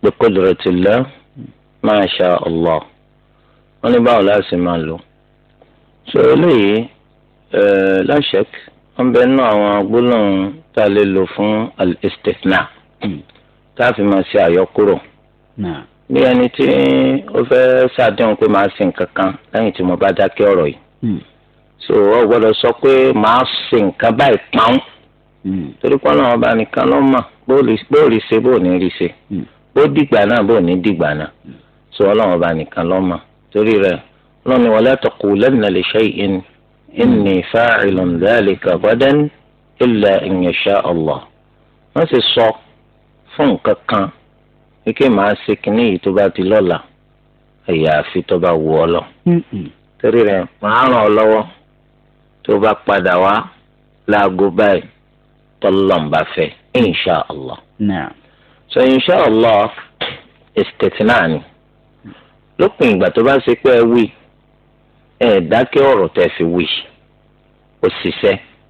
bí kò dọ̀rọ̀ ti lẹ́ẹ̀ masha allah wọ́n ní báwo láti máa lò so eléyìí láṣẹk wọ́n bẹ nínú àwọn gbólóhùn tá a lè lò fún al-istithna tá a fi máa ṣe àyọkúrò bí ẹni tí ó fẹ́ ṣàdéhùn pé màá ṣe nǹkan kan lẹ́yìn tí mo bá dákẹ́ ọ̀rọ̀ yìí hmm. so ọ gbọ́dọ̀ sọ pé màá ṣe nǹkan báyìí pàún hmm. torí pé ọlọ́run ọba nìkan ló mọ̀ bó rí ṣe bó ní rí ṣe hmm. bó dìgbà náà bó ní dìgbà náà so ọlọ́run ọba nìkan lọ́mọ torí rẹ̀ ọlọ́run ni wala taqulanna li shay'in inni fa'ilun dhalika ghadan illa in yasha Allah wọ́n sì sọ fún nǹkan kan wípé màá ṣe kínní yìí tó bá ti lọ́la àyàfi tó bá wù ọ́ lọ. torí rẹ̀ màá ràn ọ́ lọ́wọ́ tó bá padà wá láago báyìí tọ́lọ́mùbá fẹ́ insha Allah. so insha Allah ìsìtẹ̀tì náà ni. lópin ìgbà tó bá ṣe pé ẹ wí ẹ dákẹ́ ọ̀rọ̀ tẹ́ fi wí ó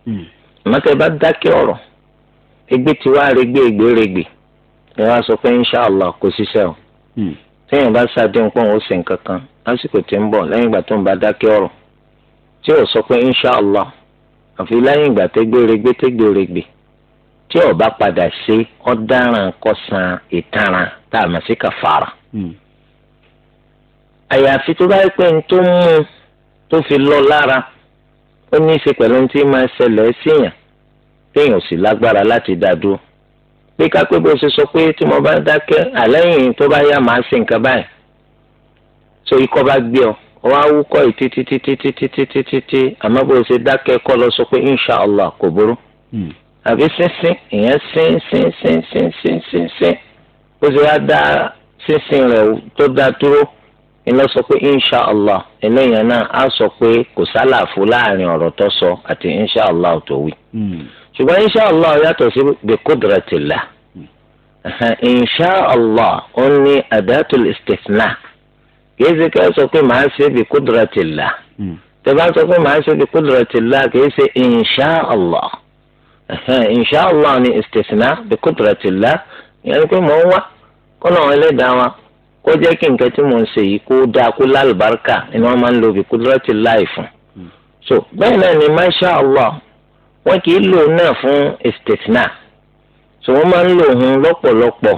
hmm. mọ́tẹ́ bá hmm. dákẹ́ ọ̀rọ̀ ẹgbẹ́ tí wàá regbé ègbé regbè ẹ wá sọ pé inshàlá kò ṣiṣẹ́ o hmm. téèyàn bá ṣàdéhùn pọ̀ ó sì ń kankan lásìkò tí ń bọ̀ lẹ́yìn ìgbà tó ń bá dákẹ́ ọ̀rọ̀ tí ò sọ pé inshàlá àfi lẹ́yìn ìgbà tẹ́gbé regbé tẹ́gbé regbè tí ò àyàfi tó bá yẹ pé ní tó mú un tó fi lọ lára ó ní í ṣe pẹ̀lú ní tí máa ṣẹlẹ̀ síyàn téèyàn sì lágbára láti dá dúró bí kápẹ́ bó ṣe sọ pé tí mo bá dákẹ́ àlẹ́yìn tó bá yá màá ṣe nǹkan báyìí so ikọ́ bá gbé ọ ọ wá wúkọ́ yìí títí títí títí títí títí àmọ́ bó ṣe dákẹ́ kọ́ lọ sọ pé inshàlá kò burú hmm. àbí sínsín ìyẹn sín sín sín sín sín sín sín bó ṣe wá dá sínsín rẹ̀ tó dá dúró ńlọ sọ pé inshàlá eléyàn náà á sọ pé kò sálàfo láàrin ọ̀rọ̀ tó sọ àti inshàlá tó wí. Hmm. ṣùgbọ́n inshàlá yàtọ̀ sí bi qudratillah hmm. inshàlá ó ní adatul istithna kìí ṣe ká sọ pé màá ṣe bi qudratillah hmm. tẹ bá sọ pé màá ṣe bi qudratillah kìí ṣe inshàlá inshàlá ni istithna bi qudratillah yẹn ni pé mò ń wá kọ́nà ẹlẹ́dàá wa. kó jẹ́ kí nǹkan tí mò ń ṣe yìí kó dáa kó lálùbáríkà ni wọ́n máa ń lo bí hmm. so bẹ́ẹ̀ náà ni masha allah wọn kì í lò náà fún naa. so wọ́n máa ń lò hun lọ́pọ̀lọpọ̀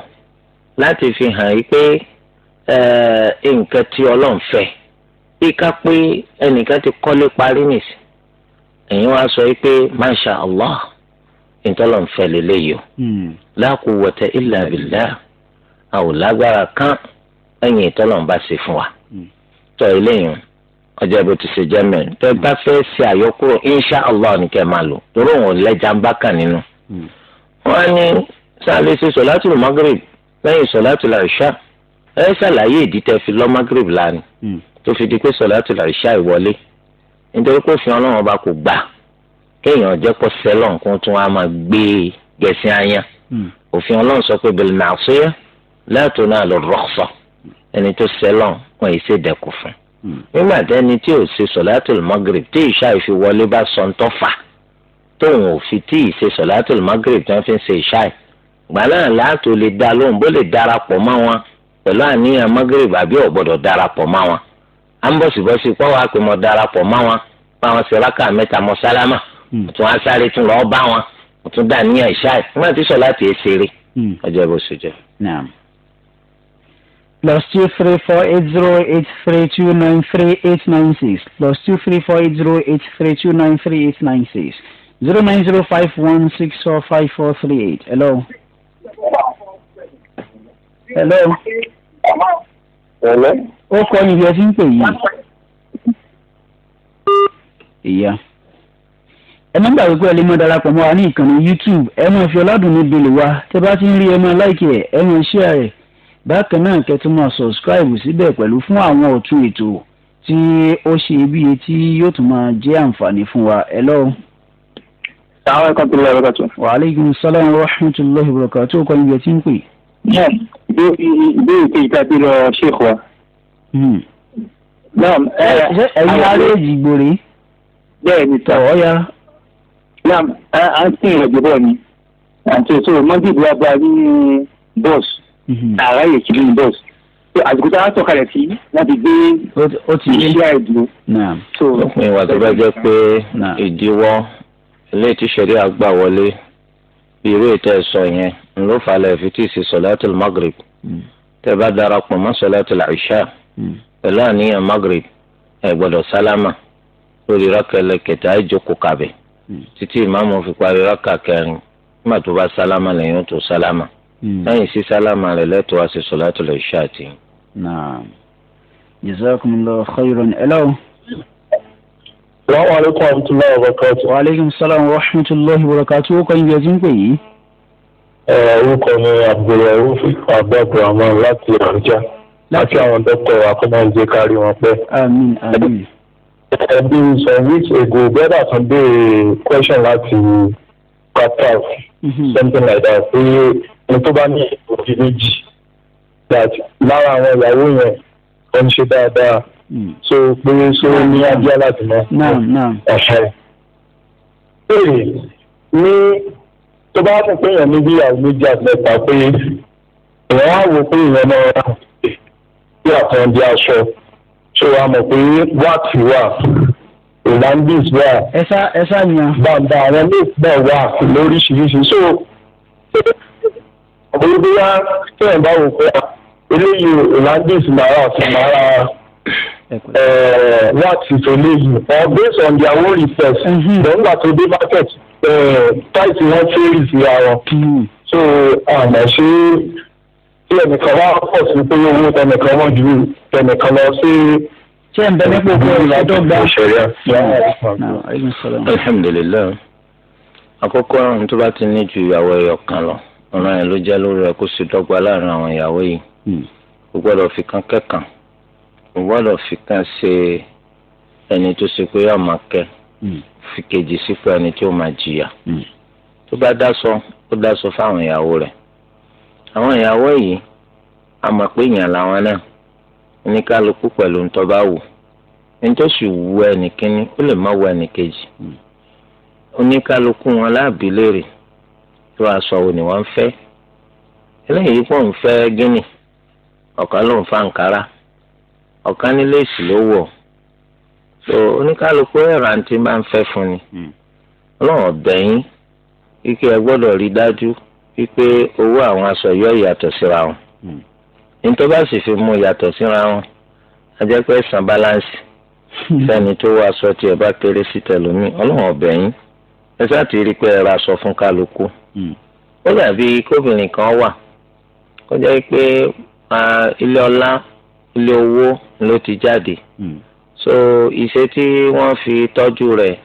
láti fi hàn yí pé eh, nǹkan tí ọlọ́run fẹ́ pé ẹnìkan ti kọ́lé parí nìsí èyí wá sọ yí pé masha allah ìtọ́lọ́nfẹ́ lélẹ́yìí o hmm. la quwwata illa àwòlágbára kan. lẹ́yìn ìtọ́lọ́run bá ṣe fún wa hmm. tọ́ eléyìí ọjọ́ ibi tó ṣe jẹ́ mẹ́rin tẹ́ bá fẹ́ ṣe àyọkúrò insha allah ni kẹ́ máa lò torí òun lẹ́jà ń bá kàn nínú. Hmm. wọ́n ní sáàlì ṣe sọ̀látù magrib lẹ́yìn sọ̀látù làṣà ẹ ṣàlàyé ìdí tẹ́ fi lọ magrib lánìí hmm. tó fi di pé sọ̀látù làṣà ìwọlé nítorí pé òfin ọlọ́run bá kò gbà kéèyàn jẹ́ pọ̀ sẹ́lọ̀n kó tún á máa gbé gẹ̀ẹ́sì ayan òfin ọlọ́run sọ pé bil ma'siyah la tunalu rukhsah ẹni tó sẹlọn wọn yìí ṣe dẹkù fún hmm. nígbà tí ẹni tí ò ṣe sọláàtò magrib tí ìṣá ìfi wọlé bá sọ ń tọfà tóun ò fi tí ìṣe sọláàtò magrib tí wọn fi ń ṣe ìṣá ì gbà náà láàtò lè dá lóhùn bó lè darapọ̀ mọ́ wọn pẹ̀lú àníyàn magrib àbí ò gbọ́dọ̀ darapọ̀ mọ́ wọn à ń bọ̀sibọ́sí pọ́ wá pé mo darapọ̀ mọ́ wọn bá wọn ṣe rákà mẹ́ta mọ́ sálámà hmm. tún á sáré tún lọ́ọ́ bá wọn tún dà níyàn ìṣá ì nígbà tí sọláàtì ẹ̀ ṣeré hmm. ọjọ́ ìbò plus two three four eight zero eight three two nine three eight nine six plus two three four eight zero eight three two nine three eight nine six zero nine zero five one six four five four three eight hello. hello. hello. ó kọ́ ni bí ẹ ti ń pè yìí. ìyá ẹ má gbàgbé ẹ lè mọ darapọ̀ mọ́ wa ní ìkànnì YouTube ẹ máa fi ọlọ́dún níbi lè wa tẹ bá ti ń rí ẹ máa láìkì ẹ ẹ máa ṣíà rẹ̀ bákan náà kẹtùmọ̀ subscribe síbẹ̀ pẹ̀lú fún àwọn ọ̀tún ètò tí ó ṣe bíi tí yóò tún máa jẹ́ àǹfààní fún wa ẹ lọ́wọ́. àwọn ẹ̀ka tó lọ ẹ̀rọ kàtó. waaleykum salaam wa rahmatulahi wa barakatuh tó kọ́ níbi ẹtí ń pè. náà ìbéèrè kejì tá a ti lọ ṣèkọ wa. Hmm. náà ẹ ẹ eh, ẹyin aréèjì gbòòrè. bẹ́ẹ̀ ni tọ́ ọ ya. náà à ń sìn ìrọ̀jẹ̀ bọ́ọ̀ ni àti ètò mọ́tì ìbúra bá a ní bọ́ọ̀sì ààrẹ yìí kì í ní bọ́ọ̀sì àsìkò tí a sọ̀kalẹ̀ sí láti gbé iṣẹ́ àìdúró. òpin ìwà tó bá jẹ́ pé ìdíwọ́ ilé ìtìṣẹ́rí àgbà wọlé bí irú ètò ẹ̀sọ́ yẹn ló falẹ̀ fi tí ì sí sọ̀láàtìl magrib mm. tẹ́ bá darapọ̀ mọ́ sọ̀láàtìl àìṣà mm. pẹ̀lú àníyàn magrib ẹ̀ gbọ́dọ̀ sálámà lórí rákẹ́lẹ̀ kẹta ìjókòó kabẹ̀ mm. títí ìmáàmù fi parí rákà kẹrin nígbà tó bá sálámà lẹ́yìn tó sálámà. Hmm. lẹ́yìn sí sálámà rẹ̀ lẹ́tọ̀ọ́ wá sí sọ̀látù lè ṣe àti. jazakumullahu khairan hello. salaamu aleykum wa rahmatulahi wa barakatu. wa aleykum salaam wa rahmatulahi wa barakatu ó kọ́ ibi ẹtí ń pè yìí. ẹ orúkọ mi abdulrahman abdulrahman láti àbújá láti àwọn dókítà akọ́mọ̀jẹ kárí wọn pẹ́. àmín àmín. ẹbí some weeks ago brother kan béèrè question láti qatar mhm. something like that ẹni tó bá ní òbí méjì that lára àwọn ìyàwó yẹn wọn ṣe dáadáa hmm. so pé so ní ajá láti mọ ọ̀ṣọ́ èrè ní tó bá fún pé èèyàn níbi ìyàwó méjì àti mẹ́ta pé èèyàn á wò pé èèyàn náà rà sí àkàndí aṣọ ṣé wàá mọ̀ pé wáàtì wà ìlàndis wà bàbá àwọn ilé ìpínlẹ̀ wà lóríṣiríṣi so ọ̀pọ̀lọpọ̀ bóyá tí ẹ̀ bá wò pé ah, eléyìí Hernandez mara sí mara láti eléyìí or based on their own research lọ́ngbà mm-hmm. tó dé market táìsì eh, wọn tẹ́rì sí ara mm-hmm. so àmọ̀ ṣé tí ẹnìkan wá pọ̀ sí pé owó tẹnìkan wọ́n ju tẹnìkan lọ sí ṣé ń bẹ nípò pé ọjọ́ gba alhamdulilayi àkọ́kọ́ ohun tó bá ti ní ju ìyàwó ẹyọ kan lọ ọ̀ràn ẹ̀ ló jẹ́ lórí ẹ̀ kó ṣe dọ́gba láàrin àwọn ìyàwó yìí kò hmm. gbọ́dọ̀ fi kan kẹ́kàn kò gbọ́dọ̀ fi kan ṣe ẹni tó ṣe pé yóò máa kẹ́ hmm. fi kejì sípò ẹni tí ó máa jìyà hmm. tó bá dáṣọ ó dáṣọ fáwọn ìyàwó rẹ̀ àwọn ìyàwó yìí a mọ̀ pé èèyàn làwọn náà oníkálukú pẹ̀lú ntọ́ bá wù nítòsí wù ẹnìkíní ó lè má wù ẹnìkejì oníkálukú wọn láàbí léèrè irú aṣọ wo ni wọ́n ń fẹ́ eléyìí pọ̀ ń fẹ́ gíní ọ̀kan ló ń fa nkárá ọ̀kan nílé èsì ló wọ̀ so oníkálukú ẹ̀rántí máa ń fẹ́ fún ni hmm. ọlọ́run ọ̀bẹ̀yìn kíkẹ́ ẹ gbọ́dọ̀ rí dájú wípé owó àwọn aṣọ yóò yàtọ̀ síra wọn hmm. nítorí bá sì fi mú yàtọ̀ síra wọn a jẹ́ pé san balance sẹ́ni hmm. tó wọ aṣọ tí ẹ bá kéré sí tẹlómi ọlọ́run ọ̀bẹ̀yìn ẹ sáà ti rí pé ẹ aṣọ fún kálukú. Hmm. ó dàbí kóbìnrin kan wà ó jẹ́ pé ilé ọlá ilé owó ló ti jáde hmm. so iṣẹ́ tí wọ́n fi tọ́jú rẹ̀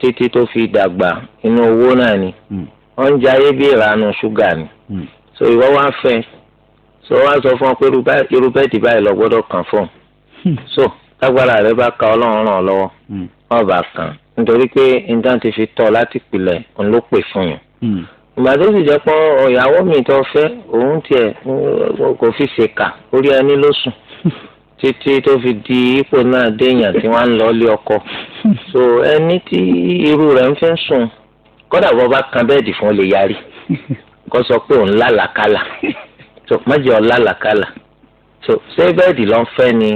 títí tó fi dàgbà inú owó náà ni hmm. wọ́n ń jẹ ayé bí ìranu ṣúgà ni so ìwọ wá fẹ́ so wá sọ fún ọ pé irú bẹ́ẹ̀dì báyìí lọ gbọ́dọ̀ kàn fún so lágbára rẹ bá ka ọlọ́run ràn ọ́ lọ́wọ́ wọ́n bá kàn nítorí pé nǹkan ti fi tọ́ láti pilẹ̀ òun ló pè fún yín Hmm. ìgbà tó sì jẹ́ pọ́ ọ̀yàwó mi tó fẹ́ òun tiẹ̀ kò fi ṣèkà orí ẹni ló sùn títí tó fi di ipò náà déèyàn tí wọ́n ń lọ lé ọkọ so ẹni tí irú rẹ̀ ń fẹ́ sùn kódà bọ́ bá kan bẹ́ẹ̀dì fún ó lè yarí kó sọ pé òun lálàkálà so mọ́jẹ́ ọ lálàkálà so ṣé bẹ́ẹ̀dì ló ń fẹ́ ni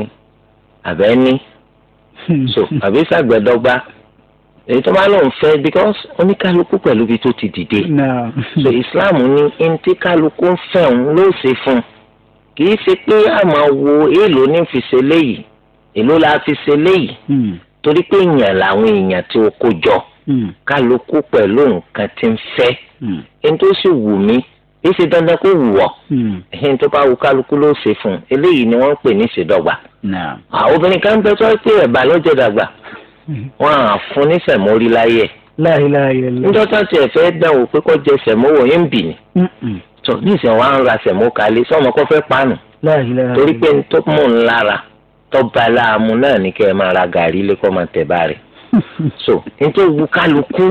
àbẹ́ ní so àbí sàgbẹ́dọ́gba èyí tó bá lóun fẹ́ because oníkálukú pẹ̀lú ibi tó ti dìde so islam ní ntí kálukú ń fẹ́ òun ló ṣe fún kì í ṣe pé a wo èèlò ní fi léyìí èèlò la fi ṣe léyìí hmm. torí pé èèyàn làwọn èèyàn tí o kó jọ hmm. kálukú pẹ̀lú nǹkan tí ń fẹ́ hmm. ẹni tó sì wù mí kì í ṣe dandan kó wù ọ́ ẹni tó bá wù kálukú ló ṣe fún eléyìí ni wọ́n ń pè ní ìṣèdọ́gba àwọn obìnrin kan bẹ tó ẹ pé ẹ̀bà ló jẹ dàgbà wọn à fún ní sẹ̀mórí láyé ẹ̀. níjọ́ tá tiẹ̀ fẹ́ dán wò pé kó jẹ sẹ̀mó wò yín bì ní. tó ní ìsìn wa ń ra sẹ̀mó kalẹ̀ sọ́mọ kó fẹ́ pàánù. torí pé tó mú un lára tó bá láàmú náà ní kẹ́ ẹ máa ra gàrí lé kó máa tẹ̀ bá rẹ̀. so nítorí wu kálukú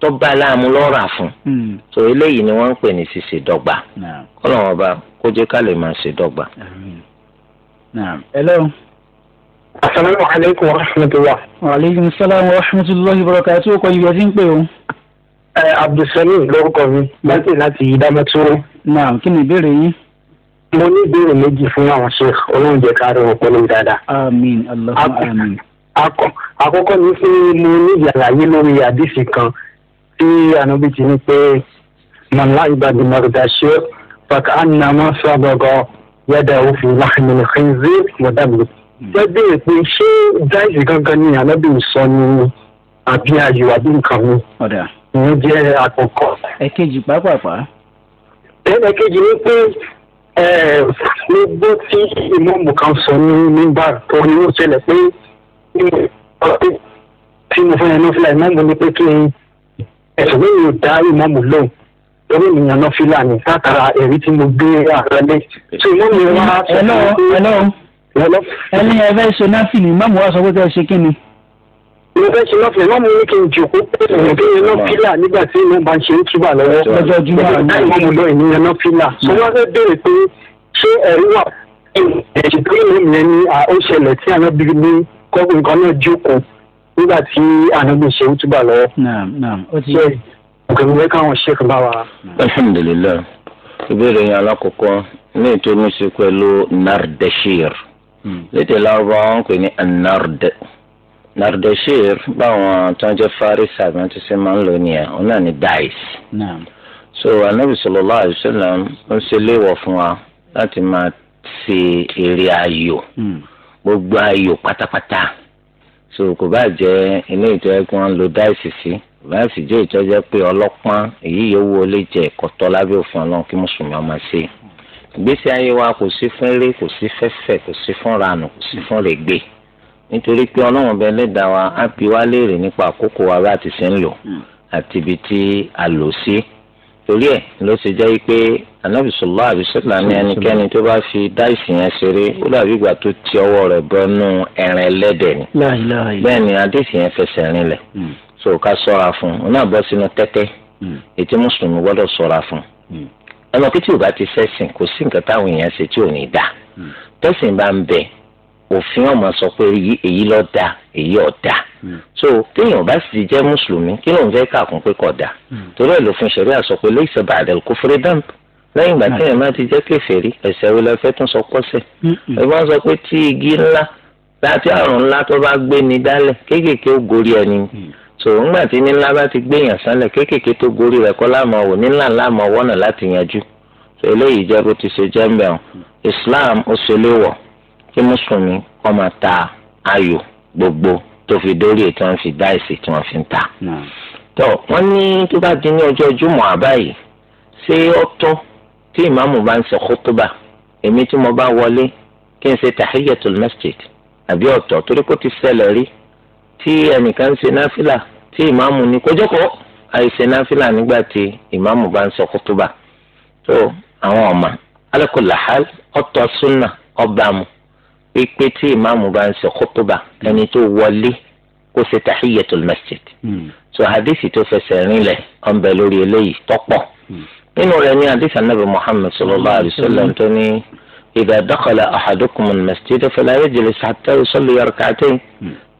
tó bá láàmú lọ́ra fún. Mm. so eléyìí ni wọ́n ń pè ní ṣíṣe dọ́gba. kọ́lọ́wọ́n bá kó jẹ́ ká lè máa ṣe dọ́gba. Hello asalaamu aleykum wa rahmatulah. wa aleykum salaam wa rahmatulah ibrahima tí o kọ ibi ẹtí ń pè o. ẹ abdulsalim lórúkọ mi láti láti ìdámẹ́túrú. naam kí ni ìbéèrè yín. mo ní ìbéèrè méjì fún àwọn sheikh olóhùn jẹ káàárọ̀ wọn pẹ̀lú dáadáa. amiin allahumma amiin. àkọ́kọ́ ni pé mo ní ìyàlàyé lórí àdìsí kan tí ànábì ti ní pé màlá ìbàdàn mọ̀rọ̀dà ṣe fàkà ànàmọ́ sábàgọ́ yàda òfin láàmì nìkan zé mọ̀dàbí jẹ́ béèrè pé ṣé dáìsì gangan ni ànábì ń sọ ni àbí ayò àbí nǹkan mi. ìyẹn jẹ́ àkọ́kọ́. ẹ̀kejì pàápàá. ẹ̀kejì ni pé mo gbọ́ tí ìmọ̀ọ́mù kan sọ ní nígbà tó ní ó ṣẹlẹ̀ pé tí mo fẹ́ yan nọ́fìlà ìmọ̀ọ́mù ni pé kí n ẹ̀sùn mi ò dá ìmọ̀ọ́mù lóhùn lórí mi yan nọ́fìlà ní kátàrà ẹ̀rí tí mo gbé àárẹ̀ lé. ṣé ìmọ̀ọ́mù wa sọ fún mi ẹni ẹ fẹ́ ṣe náfìlì mọ́mú wa sọ pé kẹ́ ẹ ṣe kí ni. mo fẹ́ ṣe náfìlì mọ́mú ní kí n jòkó ìbéèrè náfìlà nígbà tí mo bá ń ṣe ń túbà lọ́wọ́ lọ́jọ́ jùlọ àná ìmọ̀mù lọ ìnìyàn náfìlà mo wá fẹ́ béèrè pé ṣé ẹ̀rí wà ẹ̀sìn tó yẹ mí ni ó ṣẹlẹ̀ tí ànábì ní kọ́kùn nǹkan náà jókòó nígbà tí ànábì ṣe ń túbà lọ́wọ́. ṣé òkèmíwé káwọn ṣe kàn bá wa. alhamdulilayi ìbéèrè yẹn alákọ̀ọ́kọ́ ní ètò ṣe pẹ̀lú nardashir. Hmm. lédè lárúbáwá wọn pè ní anarde nardeshir báwọn tó ń jẹ farisa àbí wọn ti ṣe máa ń lò nìyẹn òun náà ní dice. so anabi sallallahu alaihi wasallam ń ṣe léèwọ̀ fún wa láti máa ṣe eré ayò hmm. gbogbo ayò pátápátá so kò bá jẹ ilé ìtọ́jú pé wọ́n lo dice sí kò bá sì jẹ́ ìtọ́jú pé ọlọ́pọ́n èyí yòówó lè jẹ ẹ̀kọ́ tọ́ lábẹ́ òfin ọlọ́run kí mùsùlùmí ọmọ ṣe ìgbésí ayé wa kò sí fún eré kò sí fẹ́fẹ́ kò sí fún ranù kò sí fún rẹ̀gbẹ́ nítorí pé ọlọ́run bẹ lẹ́dàá wa á bi wá léèrè nípa àkókò wa bá ti ṣe ń lò hmm. àti ibi tí a lò sí torí ẹ̀ ló ṣe jẹ́ pé anabi sọlá ní ẹnikẹ́ni tó bá fi dáìsì yẹn ṣeré ó dàbí ìgbà tó ti ọwọ́ rẹ̀ bọ́nú ẹran ẹlẹ́dẹ̀ ni bẹ́ẹ̀ ni adéṣì yẹn fẹsẹ̀ rinlẹ̀ hmm. so ká ṣọ́ra fún un ó náà bọ́ sínú tẹ́tẹ́ hmm. ètí mùsùlùmí gbọ́dọ̀ ṣọ́ra fún un ẹnu kí tí o bá ti sẹ́sìn kò sí nǹkan táwọn èèyàn ṣe tí ò ní dá hmm. tẹ́sìn bá ń bẹ òfin ọmọ sọ pé èyí ló dá èyí ò dá hmm. so téèyàn bá sì jẹ́ mùsùlùmí kí ló ń fẹ́ kàkún pé kò dá hmm. torí ẹ̀ lófin ṣẹ̀ríà sọ pé lẹ́yìn sọ̀bà àdàl kó fúré dàmp lẹ́yìn ìgbà téèyàn bá ti jẹ́ kèfèrí ẹ̀ṣẹ̀ wo la fẹ́ tún sọ pọ́sẹ̀ ẹ̀gbọ́n sọ pé tí igi ńlá láti àrùn ńlá tó bá gbé ni dálẹ̀ kéékèèké ó gorí ẹni so ńgbà tí nílá bá ti gbéyàn sánlẹ̀ kéékèèké tó gorí rẹ̀ kọ́ láàmú ọ̀wọ̀ nílá láàmú ọwọ́ náà láti yanjú so eléyìí jẹ́ bó ti ṣe jẹ́ ń bẹ̀rù Islam ó ṣe léwọ̀ kí mùsùlùmí kọ́ máa ta ayò gbogbo tó fi dórí tí wọ́n fi dá ìsì tí wọ́n fi ń ta. tó wọ́n ní tó bá di ní ọjọ́ júmọ̀ àbáyìí ṣé ó tọ́ tí ìmáàmù bá ń ṣe kótóbà èmi tí mo bá wọlé kí n ṣe tahiyatul masjid àbí ọ̀tọ̀ torí kó ti ṣẹlẹ̀ rí tí ẹnìkan ń ṣe náfìlà tí ìmáàmù ní kójókòó àìsè náfìlà nígbà tí ìmáàmù bá ń sọ kútúbà tó àwọn ọmọ alákòlàhál ọtọ súnà ọbàmù pípé tí ìmáàmù bá ń sọ kútúbà ẹni tó wọlé kó ṣe tahiyatul masjid hmm. so hadisi tó fẹsẹ̀ rinlẹ̀ ọ̀nbẹ lórí eléyìí tọ́pọ̀ hmm. nínú rẹ̀ ní hadisi anabi muhammad sallallahu alayhi wa sallam tó ní idha dakhala ahadukum al-masjid fala yajlis hatta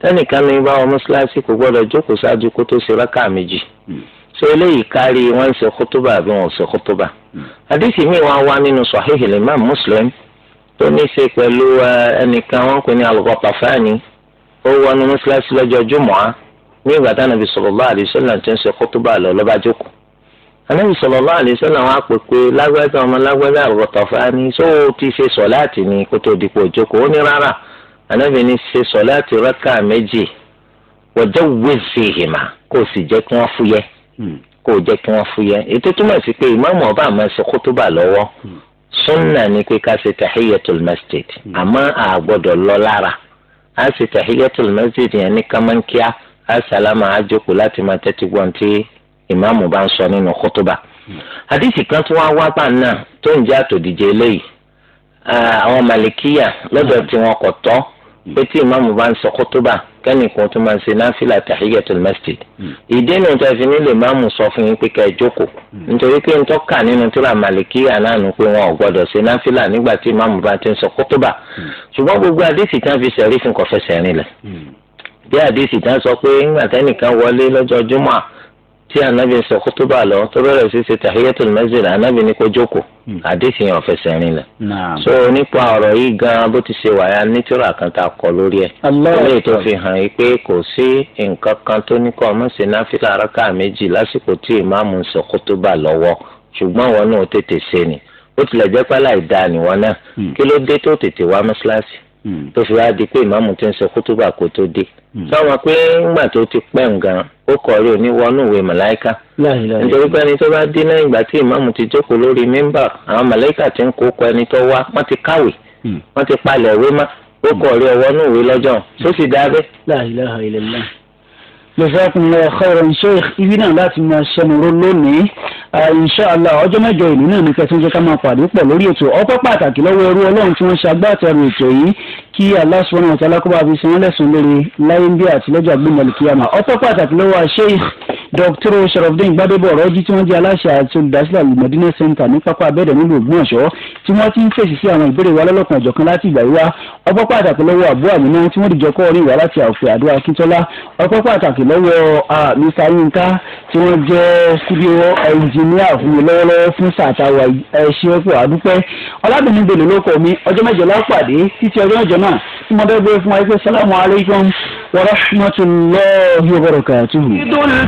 tẹnìkan ní bá wọn mọ́ṣáláṣí kò gbọ́dọ̀ jókòó ṣáájú kó tó ṣe rákà méjì ṣé hmm. eléyìí kárí wọn ń ṣe kótóbà àbí wọn ò ṣe kótóbà. àdìsí mi wá wá nínú sahih imam muslim tó ní í ṣe pẹ̀lú ẹnìkan wọn pè ní al-Ghatafani ó wọnú mọ́ṣáláṣí lọ́jọ́ jùmọ̀á ní ìgbà táwọn nàbì sallallahu alaihi wasallam ti ń ṣe kótóbà lọ lọ́ba jókòó. ànábì sallallahu alaihi wasallam wọn á pè pé lágbájá ọmọ lágbájá al-Ghatafani sóò ti ṣe sọ̀láàtì ni kó tó dìpọ̀ jókòó ó ní rárá anabi ni se sọláàtì rákà raka wọjọ wíìsì hìmà kó o sì jẹ́ kí wọ́n fúyẹ́ hmm. kó o jẹ́ kí wọ́n fúyẹ́ ètò túmọ̀ sí pé ìmáàmù ọba àmọ́ ṣe kútúbà lọ́wọ́ hmm. sunna ni pé ká ṣe tahiyatul masjid hmm. àmọ́ àgbọ́dọ̀ lọ lára a ṣe tahiyatul masjid yẹn ní kámánkíá a sàlámà á jókòó láti máa tẹ́tí gbọ́n tí ìmáàmù bá ń sọ nínú kútúbà àdìsí kan tó wá wá bá náà tó ń jẹ́ àtòdìjẹ́ eléyìí ah, àwọn màlìkíyà lọ́dọ̀ tí wọn kò tọ́ pé tí ìmáàmù bá ń sọ kótóbà kẹ́nìkan tó máa ń ṣe náfìlà tahiyatul masjid hmm. ìdí nu tó fi nílò ìmáàmù sọ fún yín pé ká ẹ jókòó hmm. nítorí pé ń tọ́ka nínú tíra màlìkíyà náà nù pé wọn ò gbọ́dọ̀ ṣe náfìlà nígbà tí ìmáàmù bá ti ń sọ kótóbà hmm. ṣùgbọ́n gbogbo àdìsí tán fi ṣẹ̀rí fún kọfẹsẹ̀ rìn lẹ̀ bí àdìsí tán sọ pé ńgbà tẹ́nìkan wọlé lọ́jọ́ júmọ́à tí anabi ń sọ kótóbà lọ tó bẹ̀rẹ̀ sí ṣe tahiyatul masjid anabi ní kó jókòó àdéhìí hmm. yẹn ọ̀fẹsẹ̀ rìn lẹ̀. so nípa ọ̀rọ̀ yìí gan bó ti ṣe wáyà nítorá kan tá a kọ lórí ẹ̀. lórí tó fi hàn yìí pé kò sí nǹkan kan tó ní kọ́ ọmọ sí náfìlà araka méjì lásìkò tí ìmáàmù ń sọ kótóbà lọ́wọ́ ṣùgbọ́n wọn náà tètè ṣe ni ó tilẹ̀ jẹ́ pálá ìdá nìwọ náà hmm. kí ló dé tó tètè wá mọ́ṣáláṣí Hmm. tó fi wá di pé ìmáàmù ti ń sọ kótóbà kó tó dé hmm. sọ́wọ́n pé ńgbà tó ti pẹ́ nǹkan ó kọ̀rí oníwọ́nú ìwé màláìka nítorí pé ẹni tó bá dé náà ìgbà tí ìmáàmù ti jókòó lórí mímbà àwọn màláìka ti ń kókó ẹni tó wá wọ́n ti kàwé hmm. wọ́n ti palẹ̀ ìwé má ó kọ̀rí ọwọ́nú ìwé lọ́jọ́ ó sì dá bẹ́ẹ̀ jazakumullahu khairan sheikh ibi náà láti máa ṣẹnuró lónìí inshàlá ọjọ́ mẹ́jọ ìlú náà ní kẹtùnjẹ́ ká máa pàdé pọ̀ lórí ètò ọpẹ́ pàtàkì lọ́wọ́ ẹrú ọlọ́run tí wọ́n ṣe agbátẹrù ètò yìí kí Allah subhanahu wa ta'ala kó bá fi sin wọ́n lẹ́sùn lórí láyé ń bí àti lọ́jọ́ àgbéyànjú kíyàmá ọpẹ́ pàtàkì lọ́wọ́ Sheikh Dr. Sharafdin Gbadebo ọ̀rọ̀jì tí wọ́n jẹ́ aláṣẹ àti olùdásílẹ̀ alimọ̀dínà center ní pápá abẹ́rẹ́ nílùú Ògbómọ̀ṣọ́ tí wọ́n ti ń fèsì sí àwọn ìbéèrè wa lọ́lọ́kan ọ̀jọ̀kan láti ìgbà yíwá ọpẹ́ pàtàkì lọ́wọ́ àbú àmìnà tí wọ́n dìjọ kọ́ orin ìwà láti àwòfẹ́ àdó Akíntọ́lá ọpẹ́ pàtàkì lọ́wọ́ Mr. Yinka tí wọ́n jẹ́ cbo engineer fún mi lọ́wọ́lọ́wọ́ fún sàtàwà ẹ̀ṣin ọ̀pọ̀ àdúpẹ́ ọlábìnrin bèlè lóko mi ọjọ́ mẹ́jọ lápàdé títí ọjọ́ mẹ́jọ جماعة مدرب اسماعيل السلام عليكم ورحمة الله وبركاته